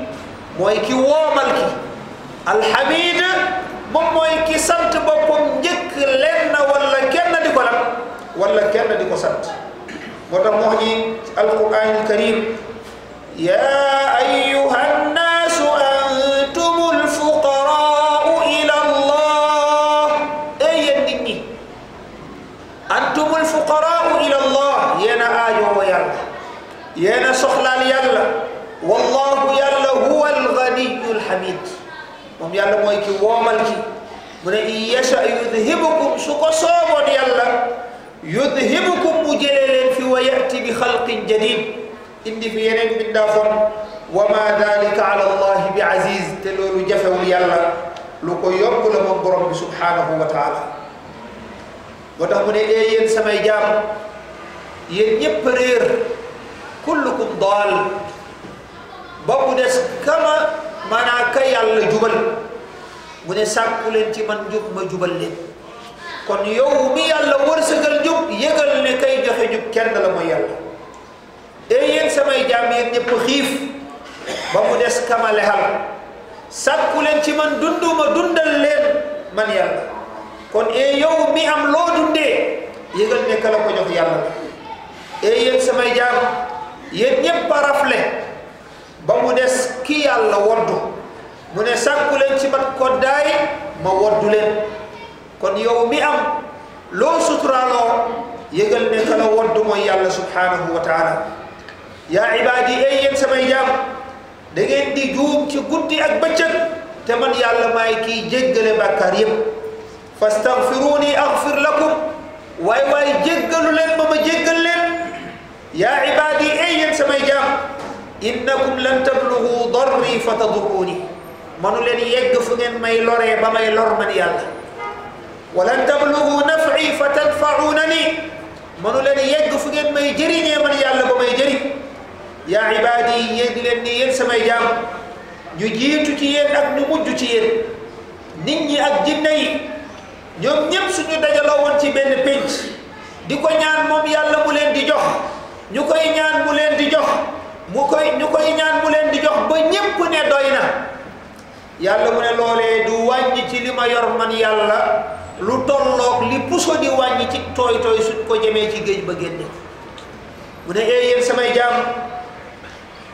mooy ki woomal ki alhamid moom mooy ki sant boppam njëkk lenn wala kenn di ko lam wala kenn di ko sant moo tax moo ñi alquranil karim ya ayuha hamid moom yàlla mooy ki woomal ki mu ne in yasha yudhibukum su ko sooboon yàlla yudhibukum bu jëlee leen fi wa yati bi xalqin jadid indi fi yeneen bindaafoon wa ma dalika ala allahi bi aziz te loolu jafewul yàlla lu ko yomb la moom borom bi subhanahu wa taala boo tax mu ne ee yéen samay jaam yéen ñëpp réer kullukum daal ba mu des kama maanaam ka yàlla jubal mu ne sàkku leen ci man njub ma jubal leen kon yow mi yàlla wërsëgal njub yëgal ne kay joxe njub kenn la mooy yàlla day yéen samay jaam yéen ñëpp xiif leen ci man dunduma man yàlla e am loo dundee yëgal ne ka la yàlla woddu mu ne sàkku leen ci ma woddu leen kon yow mi am loo suturaaloo yëgal ne ka la mooy yàlla subhanahu wa taala yaa ibaadi ay yéen samay jaam da di juum guddi ak bëccëg te man yàlla maay kiy jéggale bàkkaar yépp fastaghfiruni aghfir lakum waay waay jéggalu leen ma jéggal leen yaa ibaadi ay yéen samay jaam innakum lan tablugu darri fa tadurruuni manu leen yegg fu ngeen may loree ba may lor man yàlla wa lan tablugu naf'i fa tanfa'uunani manu leen yegg fu ngeen may jëriñee man yàlla ba may jëriñ yaa ibaadi yéeg leen ni yéen samay jaam ñu jiitu ci yéen ak ñu mujj ci yéen nit ñi ak jinne yi ñoom ñëpp suñu dajaloo woon ci benn pénc di ko ñaan moom yàlla mu leen di jox mu leen di jox mu koy ñu koy ñaan mu leen di jox ba ñépp ne doy na yàlla mu ne loolee du wàññi ci li ma yor man yàlla lu tolloog li puso di wàññi ci tooy tooy suñ ko jëmee ci géej ba génne mu ne ee eh, samay jaam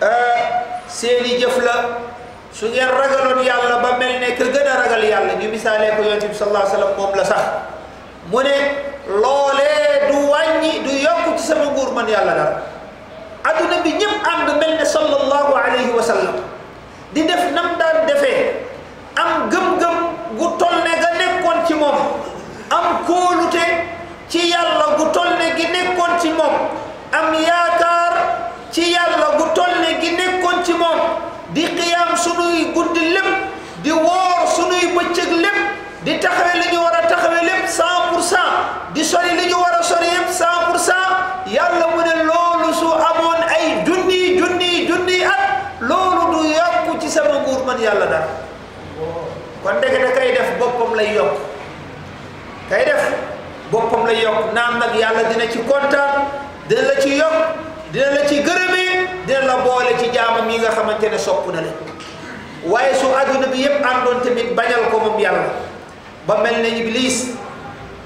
eh, seeni jëf la su ngeen ragaloon yàlla ba mel ne ka gën a ragal yàlla ñu misaalee ko yonent bi sallallahu alayhi moom la sax mu ne loolee du wàññi du yokk ci sama nguur man yàlla dara adduna bi ñëpp ànd mel ne sallallahu alayhi wa di def nam daan defee am gëm-gëm gu toll ne ga nekkoon ci moom am kóolute ci yàlla gu toll ne gi nekkoon ci moom am yaakaar ci yàlla gu toll ne gi nekkoon ci moom di xiyaam sunuy guddi lépp di woor sunuy bëccëg lépp di taxawe li ñu a taxawe lépp cent pour di sori li ñu war a sori yépp cent yàlla mu ne yàlla dara kon ndeke kay def boppam lay yokk kay def boppam lay yokk naam nag yàlla dina ci kontaan dina la ci yokk dina la ci gërëmee dina la boole ci jaamam yi nga xamante ne sopp na leen waaye su àdduna bi yépp àndoon tamit bañal ko moom yàlla ba mel na iblis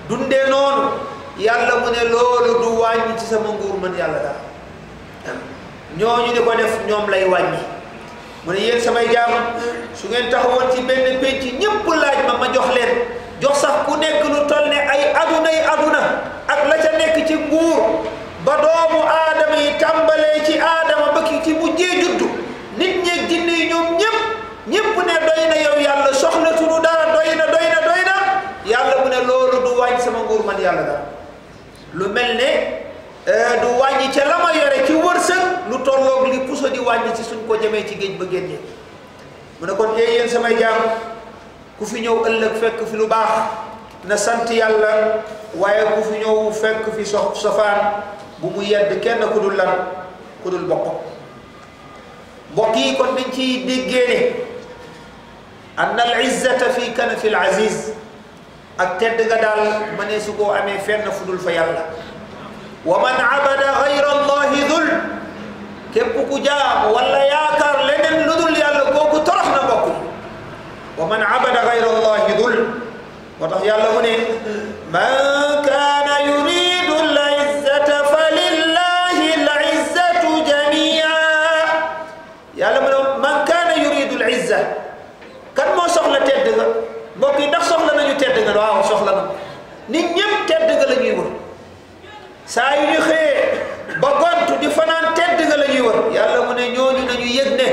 dundee noonu yàlla mu ne loolu du wàññi ci sama nguur man yàlla daal ñooñu di ko def ñoom lay wàññi mu ne yéen samay jaam su ngeen taxawoon ci benn penc ñëpp laaj ma ma jox leen jox sax ku nekk lu toll ne ay adunay aduna ak la ca nekk ci nguur ba doomu aadama yi tàmbalee ci aadama ba ki ci mujjee juddu nit ñeeg jinne yi ñoom ñëpp ñëpp ne doy na yow yàlla soxla tunu dara doy na doy na doy na yàlla mu ne loolu du wàññi sama nguur man yàlla dara lu mel ne Euh, du wàññi ca la ma yore ci wërsëg lu tolloog li puso di wàññi ci suñ ko jëmee ci géej ba génne mu ne kon ee yéen samay jaam ku fi ñëw ëllëg fekk fi lu baax na sant yàlla waaye ku fi ñëw fekk fi so sofaan bu mu yedd kenn ku dul lan ku bokk mbokk yi kon dañ ciy déggee ne an al izzata fi kanafi al aziz ak tedd nga daal ma ne su koo amee fenn fu fa yàlla wa man abada ghayra allahi dul képp ku jaam wala yaakaar leneen lu dul yàlla kooku torox na mbokk wa man abada ghayra allahi dul moo tax yàlla mu ne man kaana yuridu al izzata fa lillahi al izzatu jamia yàlla mu ne man kaana yuridu al izza kan moo soxla tedd nga mbokk yi ndax soxla nañu tedd nga waaw soxla na nit ñëpp saa yu ñu xëyee ba gont di fanaan tedd nga la ñuy wër mu ne ñooñu nañu yëg ne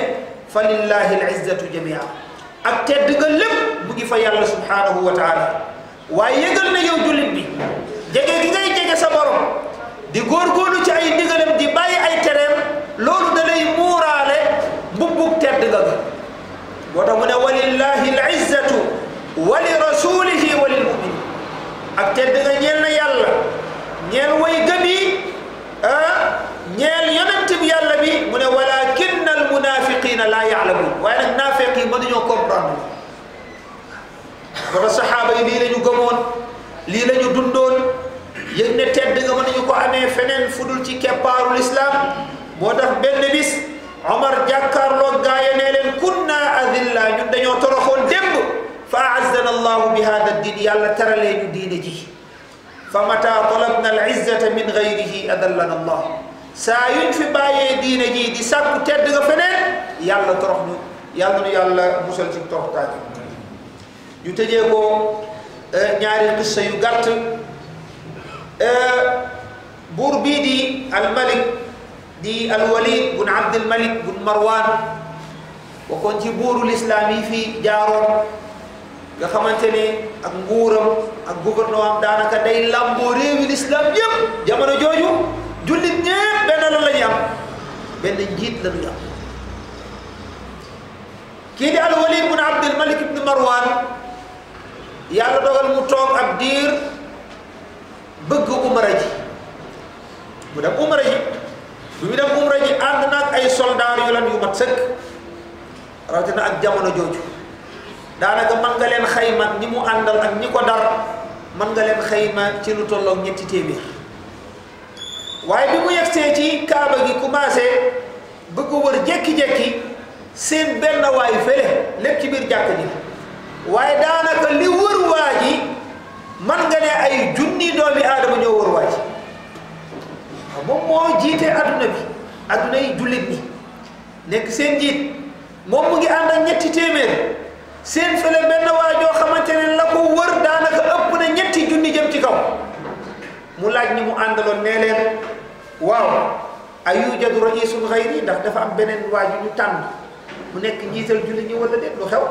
fa lillahi al izzatu jamia ak tedd nga lépp mu ngi fa yàlla subhanahu wa taala waaye yëgal na yow jullit bi jege gi ngay jege sa borom di góorgóorlu ci ay ndigalam di bàyyi ay tereem loolu da lay muuraale mbubbug tedd nga ga boo tax mu ne walillahi al izzatu wa li rasulihi wa lil muminin ak tedd nga ñeel na yàlla ñeel way gëm yi ah ñeel yonent bi yàlla bi mu ne walakinna al munafiqina laa yaalamuun waaye nag naafeq yi mënuñoo comprendre bana la ñu gëmoon lii la ñu dundoon yëg ne tedd nga mënuñu ci keppaaru lislaam moo tax benn bis jàkkaarloo gaaya ne leen kunna adilla ñun dañoo toroxoon démb fa azzana allahu bi hada din yàlla teralee ñu diine ji fa mata talabna al izzata min gayrihi adallana allah saa yuñ fi bàyyee diine jii di sàkku tedd nga feneen yàlla torox ñu yàlla nu yàlla musal ci torox taaji ñu tëjee ko eh, ñaari qissa yu gàtt eh, buur bii di almalik di alwalid bun abdilmalik bun marwan bokkoon ci buuru lislaam yi fi jaaroon nga xamante ni ak nguuram ak gouvernement daanaka day làmboo réewi lislaam yëpp jamono jooju jullit ñëpp benn loolu la am benn njiit la ñuy am kii di alwalid ibn abdul malik ibn marwan yàlla dogal mu toog ab diir bëgg umra ji mu dem umra ji bu mu dem umra ji ànd na ak ay soldaar yu lan yu mat sëkk rawatina ak jamono jooju daanaka mën nga leen xayma ñi mu àndal ak ñi ko dar mën nga leen xayma ci lu tolloog ñetti téeméer waaye bi mu yegsee ci kaaba gi commencé bëgg wër jékki-jékki seen benn waay fële lépp ci biir jàkk ji waaye daanaka li wër waa ji mën nga ne ay junni doomi aadama ñoo wër waa ji moom moo jiite adduna bi adduna yi jullit ñi nekk seen njiit moom mu ngi ànd ñetti téeméer. seen fële benn waa joo xamante ne la ko wër daanaka ëpp na ñetti junni jëm ci kaw mu laaj ni mu àndaloon nee leen waaw ayujadu raisun xayri ndax dafa am beneen waa ju ñu tànn mu nekk njiital julli ñi wala déet lu xew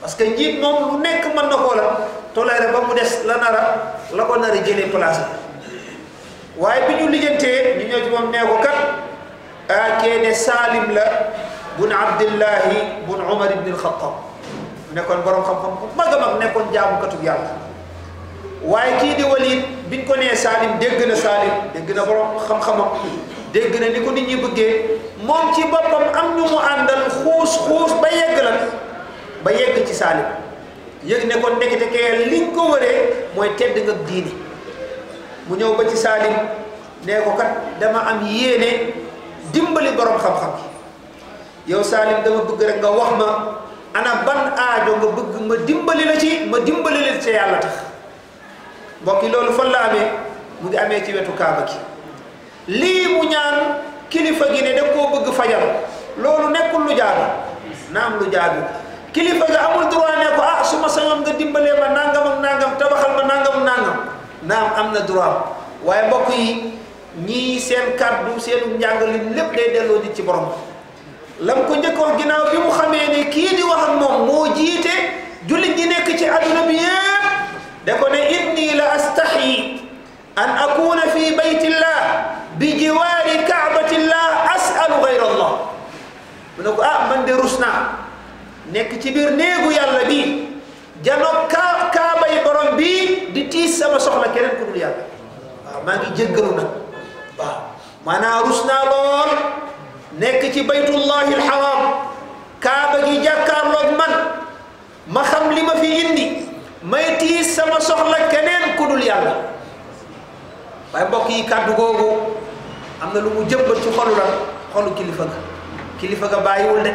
parce njiit moom lu nekk mën na koo la toléré ba mu des la nara la ko nara jëlee place waaye bi ñu lijjantee ñu ñëw ci moom nee ko kat ah kee Saalim la bun abdillahi bun umar ibn alxatab mu nekkoon borom xam-xam bu mag a mag nekkoon jaamukatub yàlla waaye kii di walid biñ ko nee saalim dégg na saalim dégg na borom xam-xamam dégg na ni ko nit ñi bëggee moom ci boppam am ñu mu àndal xuus xuus ba yegg la ba yegg ci saalim yëg ne kon nekkite kee liñ ko wëree mooy tedd nga diini mu ñëw ba ci saalim nee ko kat dama am yéene dimbali borom xam-xam yow Salim dama bëgg rek nga wax ma ana ban aajo nga bëgg ma dimbali la ci ma dimbali la ci yàlla tax mbokk yi loolu fan la amee mu ngi amee ci wetu kaaba gi lii mu ñaan kilifa gi ne da koo bëgg fajal loolu nekkul lu jaadu naam lu jaadu kilifa ga amul droit ne ko ah su ma sañoon nga dimbalee ma nangam ak nangam tabaxal ma nangam ak nangam naam am na droit waaye mbokk yi ñii seen kàddu seen njàngale lépp day delloo nit ci borom. lam ko njëkkoon ginnaaw bi mu xamee ne kii di wax ak moom moo jiite jullit ñi nekk ci adduna bi yépp da ko ne inni la astaxyi an akuna fi baytillah bi jiwaari kaabatillah asalu gayra allah mu ne ko ah, man de rus naa nekk ci biir néegu yàlla bi janoog kaa kaabay borom bi di tiis sama soxla keneen ku dul yàlla waaw maa ngi jéggalu nag nekk ci baytullahi alxaram kaaba gi jàkkaarloog man ma xam li ma fi indi may tiis sama soxla keneen ku yàlla waaye mbokk yi kàddu googu am na lu mu jëmbat ci xolu xolu kilifa ga kilifa ga bàyyiwul de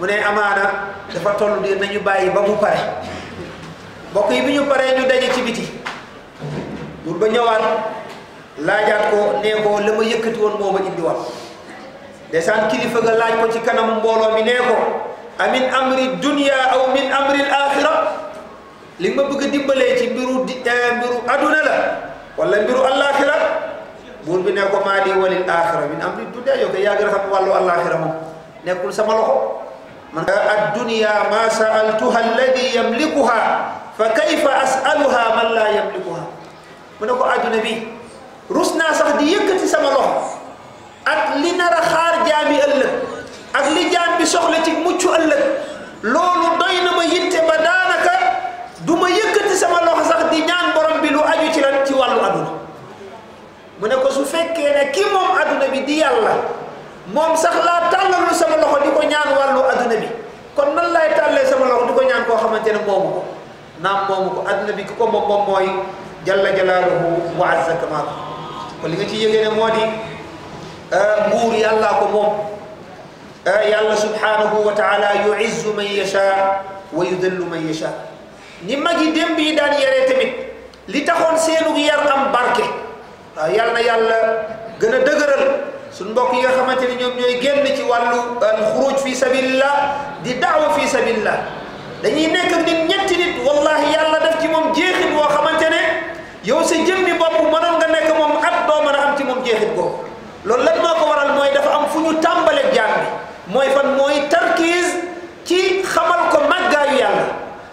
mu ne amaana dafa toll di nañu bàyyi ba mu pare mbokk yi bi ñu paree ñu daje ci biti buur ba laajaat ko nee la ma yëkkati woon moo ma indiwaat desaan kilifa ga laaj ko ci kanamu mbooloo mi nee ko amin amri dunya aw min amri al-axira li nga ma bëgg a ci mbiru di eh, mbiru aduna la wala mbiru al-axira bi nee ko maa di walil min amri dunya yow kay yaa gën a xam wàllu al-axira moom nekkul man eh, ad-dunya ma sa'altuha alladi yamlikuha fa kayfa as'aluha man la yamlikuha mu ne ko aduna rus naa sax di yëkkati sama ak li nar a xaar jaami ëllëg ak li jaam bi soxla ci mucc ëllëg loolu doy na ma yitte ba daanaka du ma yëkkati sama loxo sax di ñaan borom bi lu aju ci lan ci wàllu aduna mu ne ko su fekkee ne ki moom àdduna bi di yàlla moom sax laa tàllalu sama loxo di ko ñaan wàllu aduna bi kon nan laay tàllee sama loxo di ko ñaan koo xamante ne moomu ko naam moomu ko aduna bi ki ko moom moom mooy jalla jalaaluhu wa azza kamaal kon li nga ci yëgee ne moo Eh, buur yàllaa ko moom eh, yàlla subhanahu wa taala yuizzu man yasha wa ma man yasha ni mag yi démb yi daan yaree tamit li taxoon seenug yar am barke waaw ah, yal na yàlla gën a dëgëral suñ mbokk yi nga xamante ni ñoom ñooy génn ci wàllu eh, xuruj fi sabilillah di daawa fi sabilillah dañuy nekk nit ñetti nit wallahi yàlla def ci moom jeexit woo xamante ne yow sa jëmmi bopp mënoon nga nekk moom at doo mën a am ci moom jeexit boobu loolu lan moo ko waral mooy dafa am fu ñu tàmbale jaam bi mooy fan mooy tarkiis ci xamal ko màggaayu yàlla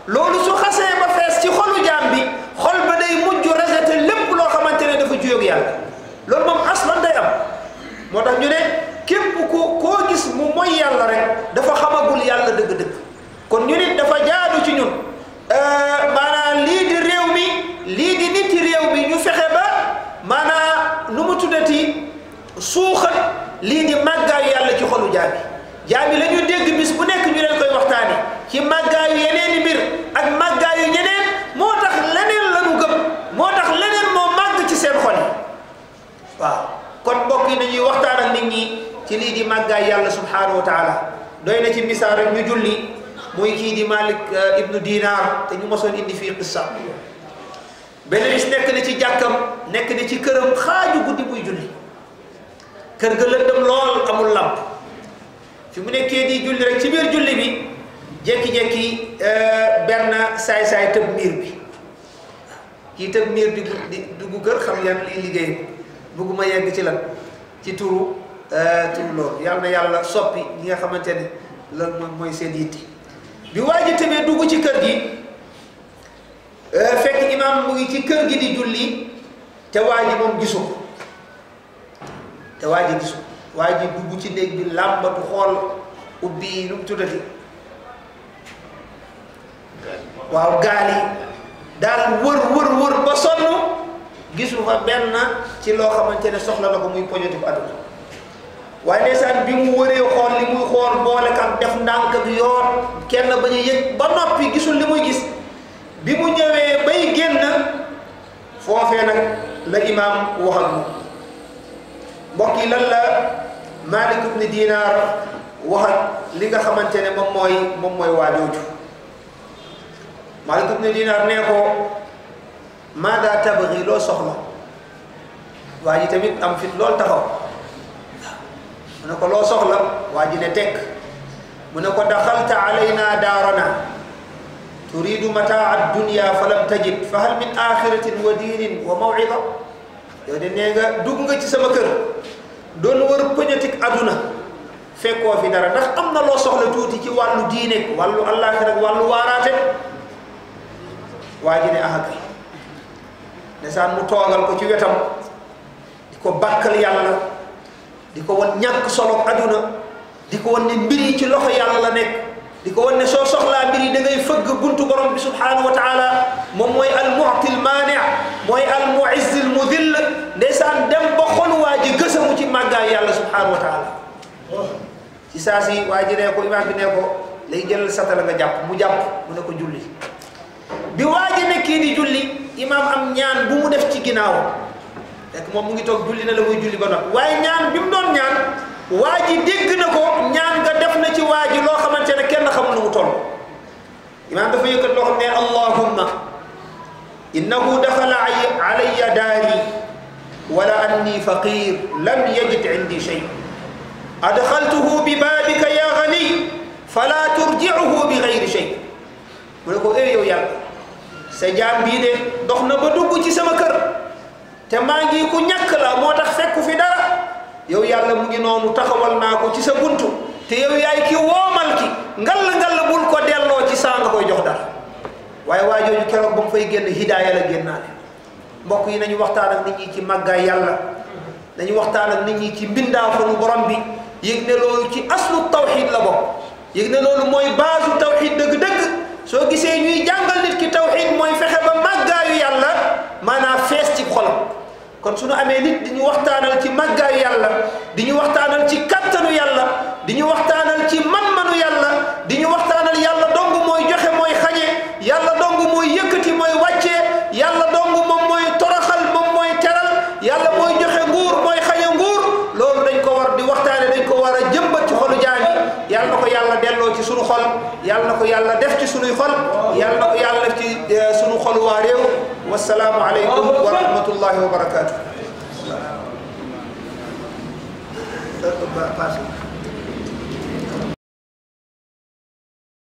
loolu su xasee ba fees ci xolu jaam bi xol ba day mujj rejeté lépp loo xamante ne dafa juyoog yàlla loolu moom aslan day am moo tax ñu ne képp ko koo gis mu mooy yàlla rek dafa xamagul yàlla dëgg-dëgg kon ñu nit dafa jaadu ci ñun euh, maanaa lii di réew mi lii di nit ci réew mi ñu fexe ba maanaam nu mu tuddati suuxat lii di màggaayu yàlla ci xolu jaam yi jaam la ñu dégg bis bu nekk ñu leen koy waxtaane ci màggaayu yeneeni mbir ak màggaayu ñeneen moo tax leneen lanu gëm moo tax leneen moo màgg ci seen xol waaw kon mbokk yi nañuy waxtaan ak nit ñi ci lii di màggaay yàlla subhanahu wa taala doy na ci misaal rek ñu julli muy kii di Malik eh, ibnu Dinar te ñu mosoon indi fii qissa benn bis nekk na ci jàkkam nekk na ci këram xaaju guddi buy julli kër ga lëndëm lool amul làmp fi mu nekkee di julli rek ci biir julli bi jékki-jékki euh, benn saay-saay tëb miir bi kii tëb miir di dugg kër xam ngeen liy liggéey bugguma yegg ci lan ci turu euh, turu loolu yàlla yàlla soppi ñi nga xamante ni loolu mooy seen yitti bi waa ji tëbee ci kër gi euh, fekk imaam mu ngi ci kër gi di julli te waa ji moom gisoo te waa ji gisu waa ji dugg ci néeg bi làmbatu xool ubbi lu mu tuddati waaw gaal yi daal wër wër wër ba sonn gisu fa benn ci loo xamante ne soxla na ko muy poñoti bu àdduna waaye ndeysaan bi mu wëree xool li muy xool boole kam def ndànk bi yoon kenn ba ñu yëg ba noppi gisul li muy gis bi mu ñëwee bay génn foofee nag la imaam wax ak moom mbokk yi lan la Maalik ibn Dinaar wax li nga xamante ne moom mooy moom mooy waa jooju Maalik ibn Dinaar nee ko maada tabri loo soxla waa ji tamit am fit lool taxaw mu ne ko loo soxla waa ji ne tekk mu ne ko daxalta alayna daarana turidu mataa ad dunya fa lam tajid fa hal min axiratin wa diinin wa mawcida yow de nee nga dugg nga ci sama kër doon war pëñatik àdduna fekkoo fi dara ndax am na loo soxla tuuti ci wàllu diine wàllu àllaaxira ak wàllu waaraate waa ji ne ahaka desaan mu toogal ko ci wetam di ko bàkkal yàlla di ko wan ñàkk solo àdduna di ko wan ne mbir yi ci loxo yàlla la nekk di ko wan soo soxlaa mbir yi da ngay fëgg buntu borom bi subhanahu wa taala moom mooy al mu'ti al maani mooy al mu'izz al mudill ndeysaan dem ba xol waa ji gësamu ci màggaay yàlla subhanahu wa taala ci saa si waa ji nee ko imaam bi nee ko lay jëlal satala nga jàpp mu jàpp mu ne ko julli bi waa nekkii di julli imaam am ñaan du mu def ci ginnaawam fekk moom mu ngi toog julli na la muy julli ba noppi waaye ñaan bi mu ñaan waa ji dégg ko ñaan nga def na ci waa loo xamante mu toll imaam dafa yëkkat loo xam ne allahumma innahu daxala alayya daari wala anni faqir lam yajid indi shay adxaltuhu bi baabika ya gani fala turjicuhu bi gayri shay mu ne ko ee yow yàlla sa jaam bii de dox na ba dugg ci sama kër te maa ngi ku ñàkk la moo tax fekku fi dara yow yàlla mu ngi noonu taxawal naa ko ci sa buntu te yow yaay ki woomal ki ngal ngal bul ko delloo ci saa nga koy jox dara waaye waa jooju keroog ba mu fay génn hidaaya la génnaale mbokk yi nañu waxtaan ak nit ñi ci màggaay yàlla dañu waxtaan ak nit ñi ci mbindaafanu borom bi yëg ne loolu ci aslu tawxid la bokk yëg ne loolu mooy baasu tawxid dëgg-dëgg soo gisee ñuy jàngal nit ki tawxid mooy fexe ba màggaayu yàlla maanaam fees ci xolam kon suñu amee nit di ñu waxtaanal ci màggaayu yàlla di ñu waxtaanal ci kattanu yàlla di ñu waxtaanal ci man-manu yàlla di ñu waxtaanal yàlla dong mooy joxe mooy xañe yàlla dong mooy yëkkati mooy wàccee yàlla dong moom mooy toroxal moom mooy teral yàlla mooy joxe nguur mooy xañe nguur loolu dañ ko war di waxtaane dañ ko war a jëmbat ci xolu jaam yi yàlla na ko yàlla delloo ci suñu xol yàlla na ko yàlla def ci sunuy xol yàlla na ko yàlla def ci eh, suñu xolu waa réew wasalaamu aleykum wa rahmatullahi wa barakaatu.